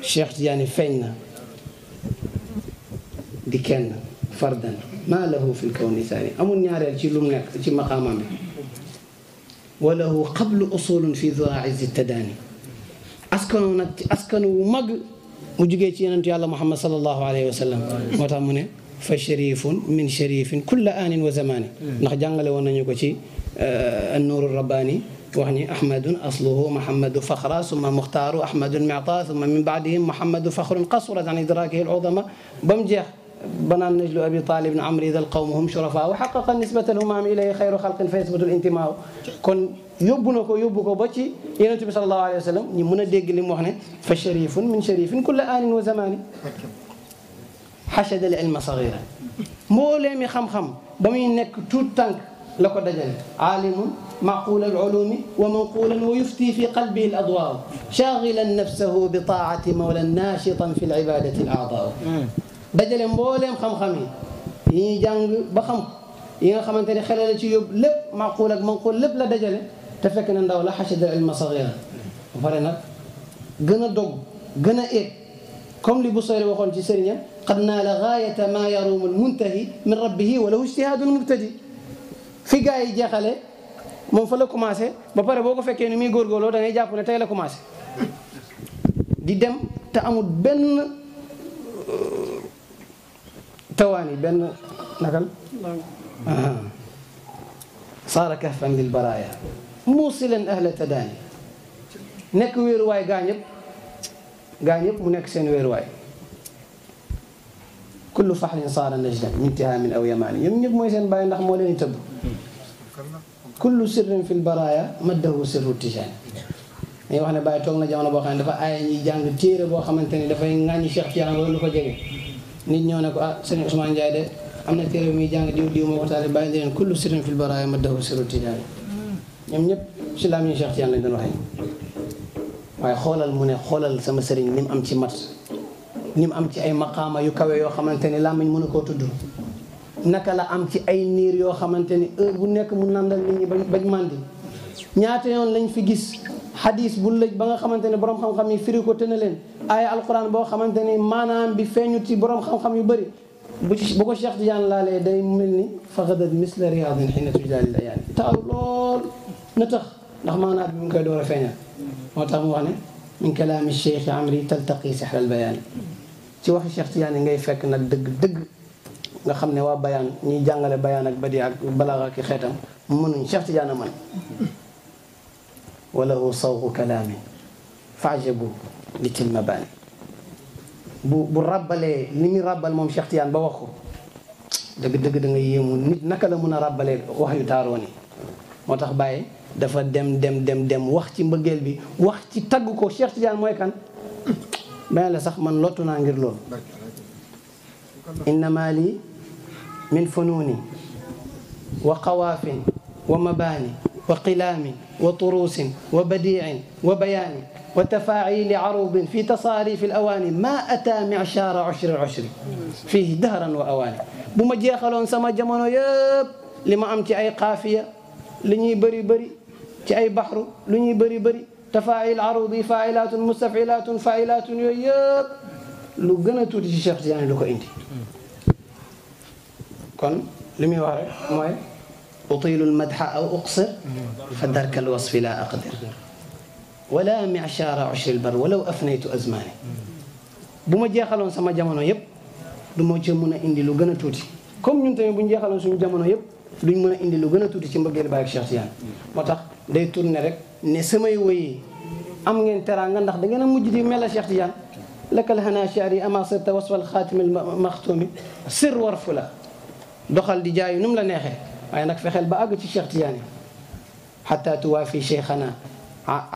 الشيخ تجاني فينا di kenn fardan maa lahu fi lkawni thani amul ñaareel ci lu mu nekk ci maqaamam bi wa lahu qablu usulun fi duaaizi tadaani askanu nag ci askanu wu mag mu jugee ci yonentu yàlla muhammad salallahu alayhi wa sallam moo tax mu ne fa sharifun min sharifin kulla aanin wa zamani ndax jàngale woon nañu ko ci euh, annuru rabbani wax ni ahmadun asluhu muhammadu faxra summa muxtaaru ahmadun mita summa min baadihim muhammadu faxrun qasurat an idrakihi al udama ba mu jeex banaan najlu abi talib amri idal qawmuhum shurafa wa xaqaqa nisbata al humam ilayhi xayru xalqin fa yasbatu al intimaa kon yóbbu na ko yóbbu ko ba ci yonente bi sallallahu alayhi wa sallam ñu mën a dégg li mu wax ne fa sharifun min sharifin kulla aanin wa zamani xachada al ilma sagira mbooleemi xam-xam ba muy nekk tuut tànk la ko dajale aalimun معقول العلوم ومنقولا ويفتي في قلبه الأضواء شاغلا نفسه بطاعة مولى ناشطا في العبادة الأعضاء dajale mbooleem xam-xam yi yi ñuy jàng ba xam yi nga xamante ne xelal ci yóbbu lépp معقول ak manqul lépp la dajale te fekk na ndaw la xasida ilma saxira ba pare nag gën a dog gën a éeg comme li bu sori waxoon ci sëriñam qad naa la gaayata maa yaruumu almuntahi min rabbihi wa lahu ijtihaadul mubtadi fi gars yi jeexale moom fa la commencé ba pare boo ko fekkee ni muy góorgóorloo da ngay jàpp ne tey la commencé di dem te amul benn euh, tawaani benn nakal saara kafan lil baraaya muusilan ahla tadaani nekk wéeruwaay gaa ñëpp gaa ñëpp mu nekk seen wéeruwaay kullu faxlin saara najdan min tihaamin aw yamaani ñoom ñëpp mooy seen bàyyi ndax moo leen tëb kullu sirrin fil baraaya maddahu sirru tijaani dañuy wax ne bàyyi toog na jamono boo xam ne dafa jàng téere boo xamante ni dafay ŋàññi Cheikh Tidiane wala lu ko jege nit ñëw ne ko ah sëñ Ousmane Ndiaye am na téere bi muy jàng diw diw moo ko taale bàyyi leen kullu sirrin fil baraaya maddahu sirru tijaani ñoom ñëpp ci laa mi Cheikh Tiyaan waaye xoolal mu ne xoolal sama sëriñ ni am ci mat ni am ci ay maqaama yu kawe yoo xamante ni làmmiñ mënu koo tudd naka la am ci ay niir yoo xamante ni bu nekk mu nandal nit ñi bañ bañ màndi ñaata yoon lañ fi gis xadiis bu lëj ba nga xamante ne borom xam-xam yi firi ko tëna leen aaya alquran boo xamante ni maanaam bi feeñu ci borom xam-xam yu bëri bu bu ko Cheikh Tidiane laalee day mel ni faqadat misla riyadin xina tujaalil lool na tax ndax maanaam bi mu ngi koy door a feeñal moo tax mu wax ne min kalaami cheikh amri taltaqi sihral bayaani ci waxi cheikh Tidiane ngay fekk nag dëgg-dëgg nga xam ne waa bayaan ñuy jàngale bayaan ak badi ak balaaga ak xeetam mënuñ cheikh Tidiane mën walahu sawqu kalaami faajabu li til mabaani bu bu ràbbalee li muy ràbbal moom cheikh Tidiane ba wax dëgg-dëgg da yéemu nit naka la mun a ràbbalee wax yu taaroo moo tax Baye dafa dem dem dem dem wax ci mbëggeel bi wax ci tagg ko Cheikh Tidiane mooy kan benn la sax man lottu naa ngir loolu innama li min funuuni wa qawaafin wa mabaani wa qilaamin wa turuusin wa badiicin wa bayaanin wa tafaaciili carubin fi tasaarifi alawaani ma ataa micchaara ushri ushri fiihi dahran wa awaani bu ma jeexaloon sama jamono yëpp li ma am ci ay xaafiya li ñuy bëri bëri ci ay baxru lu ñuy bëri bëri tafail arudi failatun mustafilatun failatun yooyu yëpp lu gën a tuuti ci Cheikh Tidiane lu ko indi kon li muy wax rek mooy utilu lmadha aw uqsir fa darka alwasfi la aqdir wala michara ushri lbar walaw afnaytu azmani bu ma jeexaloon sama jamono yëpp du ma ci mën a indi lu gën a tuuti comme ñun tamit bu ñu jeexaloon suñu jamono yëpp duñ mën a indi lu gën a tuuti ci mbëggeel Baay ak Cheikh Tidiane moo tax day tourné rek ne samay woy am ngeen teraanga ndax da ngeen a mujj di mel a Cheikh Tidiane lakkal xanaa chaar yi ama sirta wasfal xaatimil maxtumi sir war fu la doxal di jaayu nu mu la neexee waaye nag fexeel ba àgg ci Cheikh Tidiane xata tuwaafi cheikhana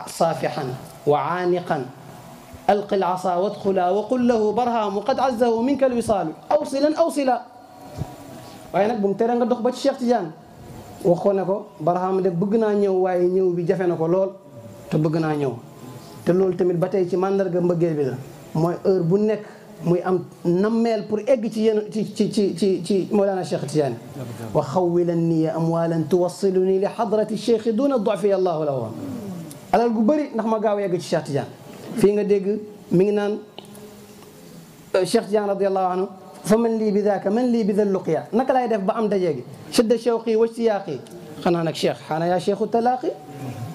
saafixan wa aaniqan alqi l asa wadxula wa qul lahu barhamu qad azzahu minka alwisaalu aw silan aw sila waaye nag bu mu tere nga dox ba ci Cheikh Tidiane wax ko ne ko Barhama de bëgg naa ñëw waaye ñëw bi jafe na ko lool te bëgg naa ñëw te loolu tamit ba tey ci màndarga mbëggeel bi la mooy heure bu nekk muy am nammeel pour egg ci yéen ci ci ci ci ci Mawlana Cheikh Tidiane wa xawilan niya amwalan tuwassilu ni li xadrati cheikh duna dofi allahu lahu alal gu bari ndax ma gaaw yegg ci Cheikh Tidiane fii nga dégg mi ngi naan Cheikh Tidiane radiallahu anhu fa man lii bi daaka man lii bi dal luqya naka laay def ba am daje gi shadda shawqi wa siyaaqi xanaa nag cheikh xanaa yaa cheikhu talaaqi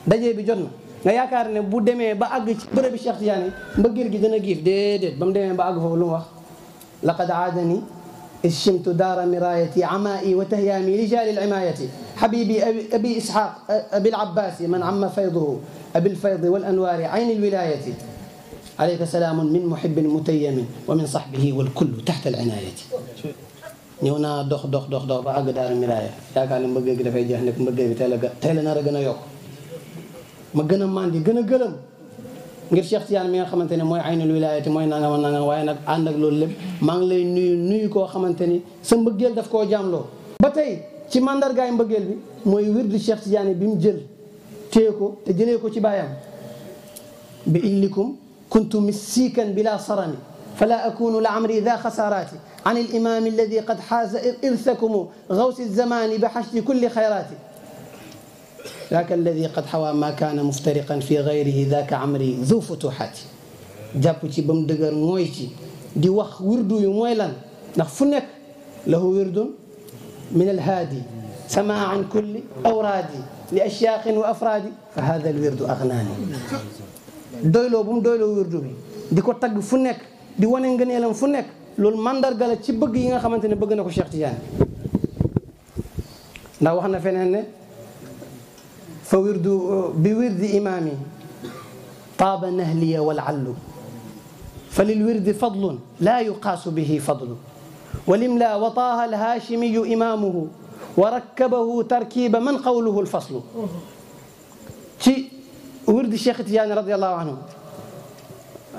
daje bi jot na nga yaakaar ne bu demee ba àgg ci bërëb bi cheikh Tidiane mbëggeel gi dana giif déedéet ba mu demee ba àgg foofu lu mu wax laqad aadani ishimtu daara miraayati amaai wa tahyaami rijaali limaayati حبيبي أبي, أبي إسحاق أبي العباس من عم فيضه أبي الفيض والأنوار عين الولاية alayka salaamun min muhibbin mutayyamin wa min sahbihi wal kullu taxta al inaayati ñëw naa dox dox dox dox ba àgg daaru miraaya yaakaar ne mbëggee gi dafay jeex nekk mbëggee bi tey la tey la nar a gën a yokk ma gën a màndi gën a gërëm ngir Cheikh Tidiane mi nga xamante ne mooy aynul wilaayati mooy nangam ak nangam waaye nag ànd ak loolu lépp maa ngi lay nuyu nuyu koo xamante ni sa mbëggeel daf koo jaamloo ba tey ci mandargaay mbëggeel bi mooy wirdu Cheikh Tidiane bi mu jël téye ko te jëlee ko ci baayam bi illikum كنت مسيكا بلا صرم فلا أكون لعمري ذا خسارات عن الإمام الذي قد حاز إرثكم غوث الزمان بحشد كل خيرات ذاك الذي قد حوى ما كان مفترقا في غيره ذاك عمري ذو فتوحات jàpp ci ba mu dëgër mooy ci di wax wirdu yu mooy lan ndax fu nekk lahu wirdun min alhaadi samaa an kulli awraadi li ashyaaxin wa afraadi fa hada alwirdu agnaani doyloo bu mu doyloo wérdu bi di ko tagg fu nekk di wane ngëneelam fu nekk loolu mandarga la ci bëgg yi nga xamante ne bëgg na ko Cheikh Tidiane ndax wax na feneen ne fa wirdu bi wirdi imaami taaba nahliya wal allu fa lil wirdi fadlun laa yuqaasu bihi fadlu walimla wa taaha alhaashimiyu imaamuhu wa rakkabahu tarkiiba man qawluhu alfaslu ci murid Cheikh Tidiane radiyallahu anhu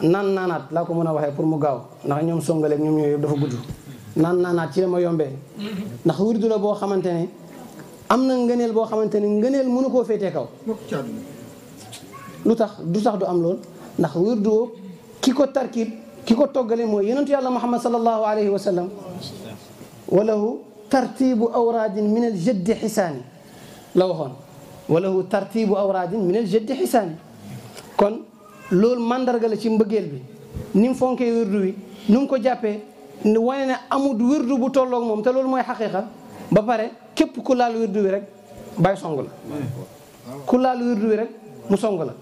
naan naanaat laa ko mën a waxee pour mu gaaw ndax ñoom songaleeg ñoom ñooy yëpp dafa gudd nan naanaat ci la ma yombee ndax wirdu la boo xamante ne am na ngëneel boo xamante ne ngëneel mënu koo féetee kaw lu tax du tax du am lool ndax wirdu woo ki ko tarkib ki ko toggale mooy yonentu yàlla muhammad sallallahu alayhi wa sallam walahu tartibu awraadin min al jaddi xisaani la waxoon walahu tartibu awraadin min al jaddi xisaani kon loolu mandarga la ci mbëggeel bi ni mu fonkee wirdu wi ni mu ko jàppee wane na amul wirdu bu tolloog moom te loolu mooy xaqiiqa ba pare képp ku laal wirdu wi rek bay song la ku laal wirdu wi rek mu song la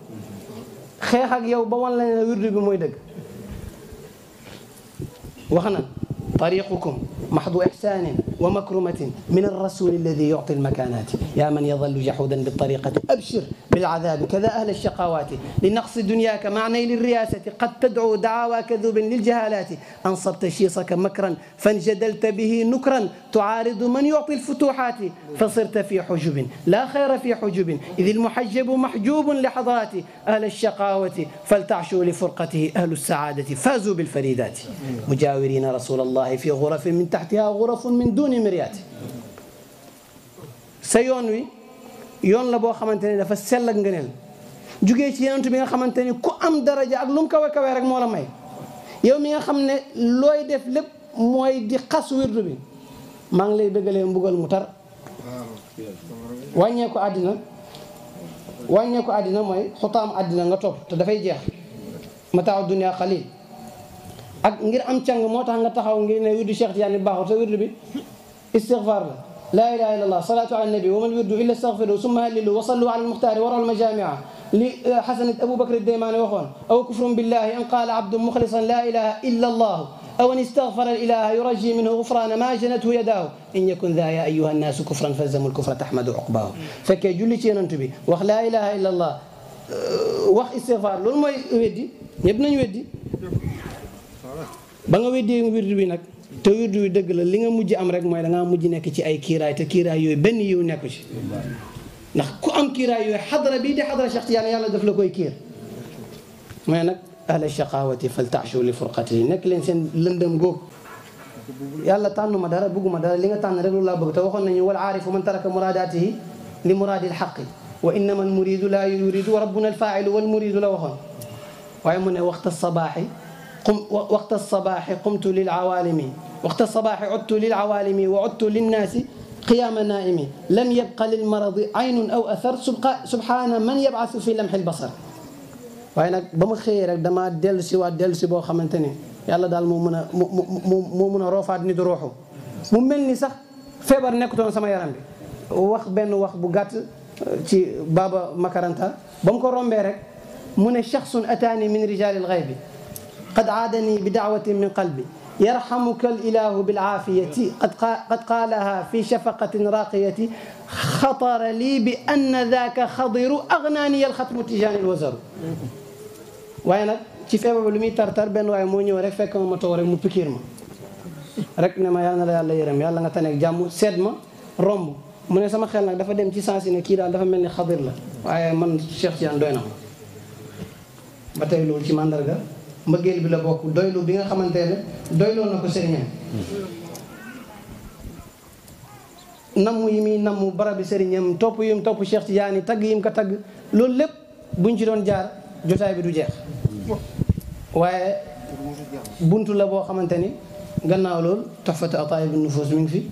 xeex ak yow ba wan la ne wirdu bi mooy dëgg wax na طريقكم محض إحسان ومكرمة من الرسول الذي يعطي المكانات يا من يظل جحودا بالطريقة أبشر بالعذاب كذا أهل الشقاوات لنقص دنياك مع نيل الرياسة قد تدعو دعاوى كذوب للجهالات أنصبت شيصك مكرا فانجدلت به نكرا تعارض من يعطي الفتوحات فصرت في حجب لا خير في حجب إذ المحجب محجوب لحظات أهل الشقاوة فلتعشوا لفرقته أهل السعادة فازوا بالفريدات مجاورين رسول الله waaye fii xurafin min taxtiha xurafun min duni miriyaati sa yoon wi yoon la boo xamante ne dafa sell ak ngëneel jugee ci yenentu bi nga xamante ni ku am daraja ak lu mu kawe kawe rek moo la may yow mi nga xam ne looy def lépp mooy di xas wirdu bi maa ngi lay dëggalee mbugal mu tar wàññeeku ko àddina wàññee àddina mooy xutaam àddina nga topp te dafay jeex mataaw dunia xalil ak ngir am càng moo tax nga taxaw ngir ne wirdu Cheikh Tidiane baaxul sa wirdu bi istighfar la laa ilaha illa allah salaatu ala nabi wa mal wirdu illa astaghfiru summa halilu wa sallu ala almuxtaari waral majamia li eh, xasan abu bakr daymaani waxoon aw kufrun billahi an qaala abdu muxlisan laa ilaha illa allah aw an istaghfara ilaha yuraji minhu gufrana ma janathu yadahu in yakun daa ya ayuha annaasu kufran falzamu lkufra taxmadu uqbahu fekkee julli ci yonent bi wax laa ilaha illa allah eh, wax istighfar loolu mooy weddi ñëpp nañ weddi ba nga weddee wi bi nag te wi bi dëgg la li nga mujj am rek mooy da ngaa mujj nekk ci ay kiiraay te kiiraay yooyu benn yiw nekku ci ndax ku am kiiraay yooyu xadra bii di xadra Cheikh Tidiane yàlla daf la koy kiir mais nag ahla shaqawati faltaashu li furqati nekk leen seen lëndëm googu yàlla tànnuma dara bugguma dara li nga tànn rek lu laa bëgg te waxoon nañu wal aarifu man taraka muraadaatihi li muraadil xaqi wa innama almuridu laa yuridu wa rabbuna alfaailu walmuridu la waxoon waaye mu ne waxta sabaaxi qum waqta sabaaxi qumtu lil awaalimi waqta sabaaxi udtu lil awaalimi wa udtu linnaasi qiyaama naaimi lam yabqa lil maradi aynun aw athar subhaana man yabcasu fi lamxil basar waaye nag ba ma xëyee rek damaa dellu si waat dellu si boo xamante ne yàlla daal moo mën a moo moo mën a roofaat ni du rooxu mu mel ni sax feebar nekkutoon sama yaram bi wax benn wax bu gàtt euh, ci baaba makaranta ba mu ko rombee rek mu ne shaxsun ataani min rijalil xaybi قد عادني بدعوة من قلبي يرحمك الإله بالعافية قد قد قالها في شفقة راقية خطر لي بأن ذاك خضر أغناني الختم تجان الوزر waaye nag ci feebar bi lu muy tartar benn waaye moo ñëw rek fekk ma ma toog rek mu pikiir ma rek ne ma yàlla na la yàlla yërëm yàlla nga taneeg jàmm seet ma romb mu ne sama xel nag dafa dem ci sens yi ne kii daal dafa mel ni xadir la waaye man Cheikh Tidiane doy na ma ba tey loolu ci màndarga mbëggeel bi la bokk doylu bi nga xamante ne doyloo ko sëriñam namm yi muy namm barabi sëriñam topp yi mu topp yaa Tidiane tagg yi mu ko tagg loolu lépp buñ ci doon jaar jotaay bi du jeex waaye buntu la boo xamante ni gannaaw loolu tafata ataayib nufus mi ngi fi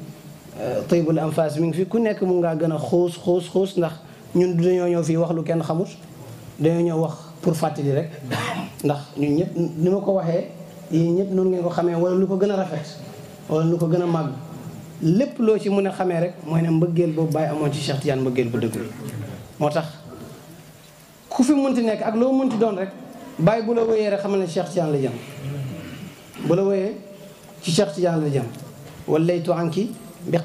euh, taybul anfas mi ngi fi ku nekk mu ngaa gën a xuus xuus xuus ndax ñun du dañoo ñëw fii wax lu kenn xamut dañoo ñëw wax pour fàttali rek ndax ñun ñëpp ni ma ko waxee yii ñëpp noonu ngeen ko xamee wala lu ko gën a rafet wala lu ko gën a màgg lépp loo ci mën a xamee rek mooy ne mbëggeel boobu bàyyi amoon ci Cheikh Tidiane mbëggeel bu dëgg moo tax ku fi mënti nekk ak loo mënti doon rek bàyyi bu la wéyee rek xamal ne Cheikh Tidiane la jëm bu la wéyee ci Cheikh Tidiane la bi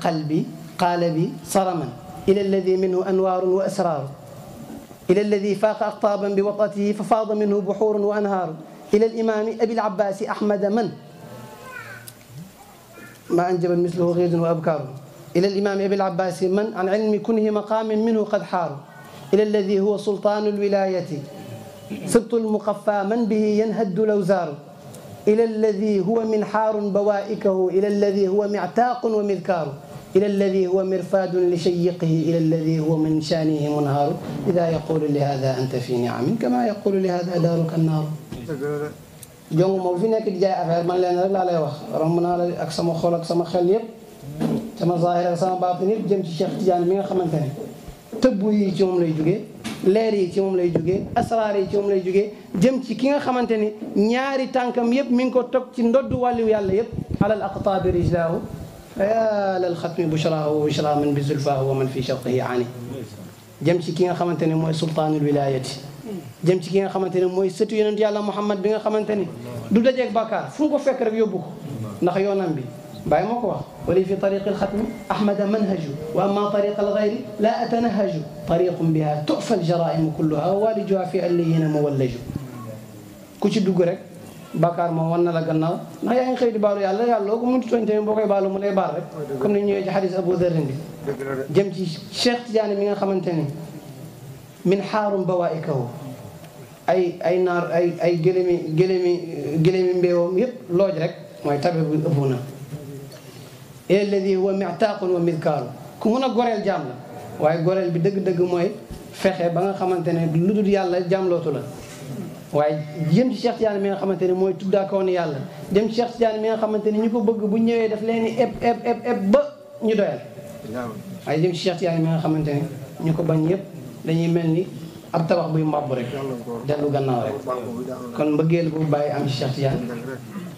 qalbi qaala bi saraman ila alladi minhu anwaarun asraaru إلى الذي فاق أقطابا بوطأته ففاض منه بحور وأنهار إلى الإمام أبي العباس أحمد من ما أنجب مثله غيد وأبكار إلى الإمام أبي العباس من عن علم كنه مقام منه قد حار إلى الذي هو سلطان الولاية سبط المقفى من به ينهد الأوزار إلى الذي هو منحار بوائكه إلى الذي هو معتاق ومذكار إلى الذي هو مرفاد لشيقه إلى الذي هو من شانه منهار إذا يقول لهذا أنت في نعم كما يقول لهذا دارك النار jong moom fi nekk di jaay affaire man leen rek laa lay wax romb naa la ak sama xol ak sama xel yëpp sama zaahir ak sama baatin yëpp jëm ci Cheikh Tidiane mi nga xamante ne tëbb yi ci moom lay jugee leer yi ci moom lay jugee asraar yi ci moom lay jugee jëm ci ki nga xamante ni ñaari tànkam yëpp mi ngi ko toog ci ndoddu wàllu yàlla yëpp alal aqtaabi rijlaahu yaa lal xatmi bushraahu wa bushraa man bi zulfaahu wa man fi shawqihi ani jëm ci ki nga xamante ne mooy sultaanul wilaayati jëm ci ki nga xamante ne mooy sëtu yonent yàlla Muhammad bi nga xamante ni du dajeeg bàkkaar fu mu ko fekk rek yóbbu ko ndax yoonam bi bàyyi moo ko wax wali fi tariqi lxatmi ahmada manhaju wa amma tariqa alxayri la atanahaju tariqum biha tufa aljaraimu kulluha walijuha fi alliyina muwallaju ku ci dugg rek bàkkaar moom wan na la gannaaw ndax yaa ngi xëy di baalu yàlla yàlla loo ko mënti tooñ tamit boo koy baalu mu lay baal rek oh, comme ni ñëwee ci xadis Abu Darin bi jëm ci Cheikh Tidiane mi nga xamante ni min xaarum bawaa'ikahu ay ay ay ay gëlëmi gëlëmi gëlëmi mbéewam yépp looj rek mooy tabe bu ëpp na alladi huwa mitaaqun wa midkaaru ku mun a goreel jaam la waaye goreel bi dëgg-dëgg mooy fexe ba nga xamante ne lu dul yàlla jaamlootu la waaye jëm ci Cheikh Tidiane mi nga xamante ne mooy tuddaakoon yàlla dem ci mi nga xamante ne ñu ko bëgg bu ñëwee daf leen ni eb ba ñu doyal waaye jëm ci Cheikh Tidiane mi nga xamante ne ñu ko bañ yëpp dañuy mel ni ab tabax buy mbàbb rek dellu gannaaw rek kon mbëggeel bu bàyyi am ci Cheikh Tidiane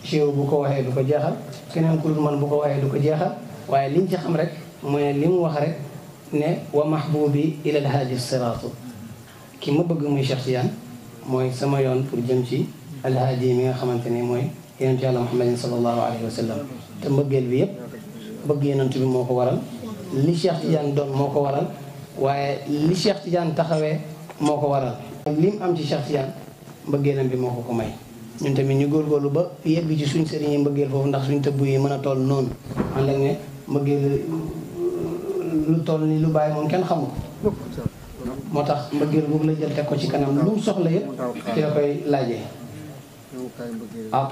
Cheikh bu ko waxee du ko jeexal keneen ku dul man bu ko waxee du ko jeexal waaye liñ ci xam rek mooy ne li mu wax rek ne wa mahbubi ilal haadi siraatu ki ma bëgg muy Cheikh Tidiane mooy sama yoon pour jëm ci alhaadi mi nga xamante ni mooy yonentu yàlla muhammadin sallallahu alayhi wa te mbëggeel bi yëpp bëgg yonent bi moo ko waral li Cheikh Tidiane doon moo ko waral waaye li Cheikh Tidiane taxawee moo ko waral li mu am ci Cheikh Tidiane mbëggeelam bi moo ko ko may ñun tamit ñu góor góorgóorlu ba yegg ci suñ sëriñ yi mbëggeel foofu ndax suñ tëbb yi mën a toll noonu ànd ak ne mbëggeel lu toll ni lu bàyyi moom kenn xamu ko moo tax mbëggeel boobu la jël teg ko ci kanam lu mu soxla yëpp ci la koy laajee aw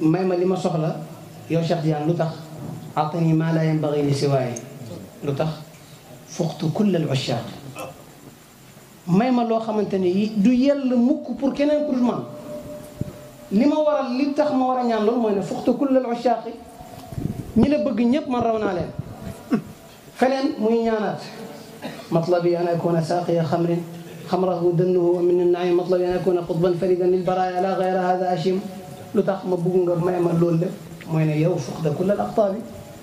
may ma li ma soxla yow Cheikh lu tax aw tey nii maa laa yanbaghi li siwaaye lu tax fuqtu kull al ushaaq may ma loo xamante ni du yell mukk pour keneen ku man li ma waral li tax ma war a ñaan loolu mooy ne fuqtu kull al ushaaq ñi la bëgg ñëpp man raw naa leen feneen muy ñaanaat مطلبي أن أكون ساقي خمر xamrahu dënnuhu min an-na'im matlabi an akuna qutban faridan lil baraaya la ghayra hada ashim lu tax ma bëgg nga may ma loolu lépp mooy ne yow suxda kull al aqtaabi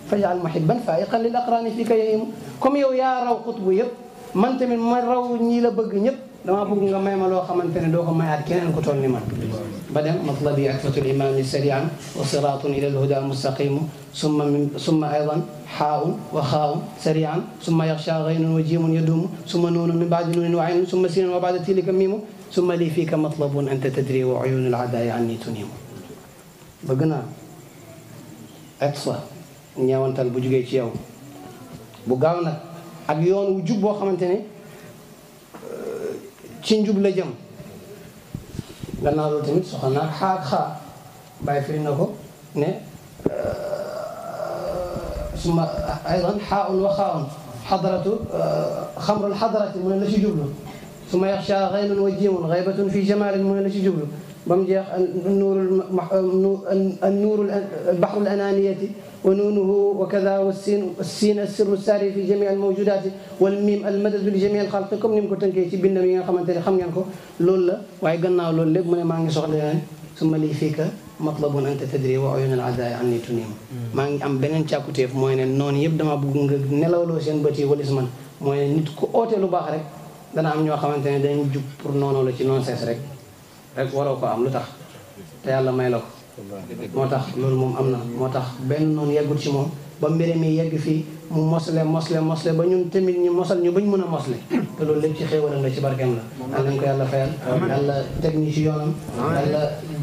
fajal muhibban faiqan lil aqraani fii ka yahim comme yow yaa raw xutbu yëpp man tamit ma raw ñii la bëgg ñëpp dama bëgg nga may ma loo xamante ne doo ko mayaat keneen ku toll ni man ba dem matlabi atfatul imami sarian wa siratun ila alhuda mustaqimu summa summa aydan xaaun wa xaaun sarian summa yaxsha gaynun wa jiimun yadumu summa nuunun min baadi nuunin wa aynun summa sinin wa baada tilika miimu summa lii fiika matlabun anta tadri wa uyunu aladaai anni tuniimu bëgg naa atfa ñeewantal bu jugee ci yow bu gaaw nag ak yoon wu jub boo xamante ne ci njub la jëm gannaaw loolu tamit soxla naa xaak xaa bàyyi firi na ko ne euh, suma aydan xaa un wa xaa un xadaratu euh, xamrul xadarati mu ne la ci jublu suma yaxsha xaylun wa jiimun xaybatun fi jamaalin mu ne la ci jublu ba mu jeex nuurul nuurul baxrul anaaniyati wa nuunuhu wa kada wa siin siin assirru saari fi jami al mawjudaati wal miim al madadu li jami al xalqi comme ni mu ko tënkee ci bindam yi nga xamante ne xam ngeen ko loolu la waaye gannaaw loolu lépp mu ne maa ngi soxla yeneen summa lii fii ka matlabun anta tadri wa uyun al adaai anni tuniim hmm. maa ngi am beneen càkkutéef mooy ne noonu yëpp damaa bëgg nga nelawloo seen bët yi walis man mooy ne nit ku ootee lu baax rek dana am ñoo xamante ne dañ jub pour noonu la ci non cesse rek rek waroo ko am lu tax te yàlla may la ko moo tax loolu moom am na moo tax benn noonu yeggul ci moom ba mbir mi yegg fii mu mosle mosle mosle ba ñun tamit ñu mosal ñu bañ mën a mosle te loolu lépp ci xéewalam la ci barkeem la am nañ ko yàlla fayal yàlla teg ñu ci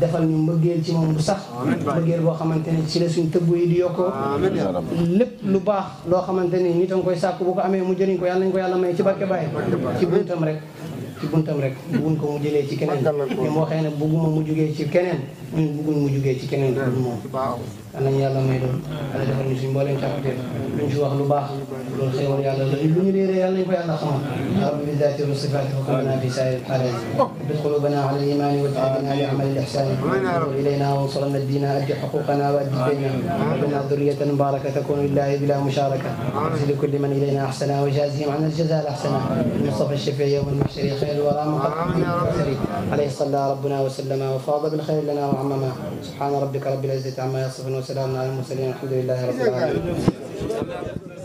defal ñu mbëggeel ci moom bu sax mbëggeel boo xamante ne ci la suñ tëggu yi di lépp lu baax loo xamante ni nit a nga koy sàkk bu ko amee mu jëriñ ko yàlla nañ ko yàlla may ci barke bàyyi ci buntam rek ci buntam rek bugguñ ko mu jëlee ci keneen ñoom waxee ne bugguma mu jugee ci keneen ñun bugguñ mu jugee ci keneen moom am nañu yàlla may doon yàlla defal ñu suñu mbooleem càkkutee lu ñu fi wax lu baax loolu xéewal yàlla la lu ñu réeree yàlla nañu ko yàlla xamal rabbi bi zaati wa sifaati fa qulna fi saa'iri l-xaalaat bit quluubana ala l-iimaani wa tawfiqna li amali l-ihsaani wa ilayna wa salamna diina addi xuquuqana wa addi bayna rabbana durriyatan mubarakatan takunu lillahi bila musharaka zid kulli man ilayna ahsana wa jaazihim an al-jazaa al-ahsana المصطفى الشفيع يوم المحشر خير الورى مقدم عليه صلى ربنا وسلم وفاض بالخير لنا وعمما سبحان ربك رب العزة عما يصفون wa salaamun alal mursaliin alhamdulillaahi rabbil aalamiin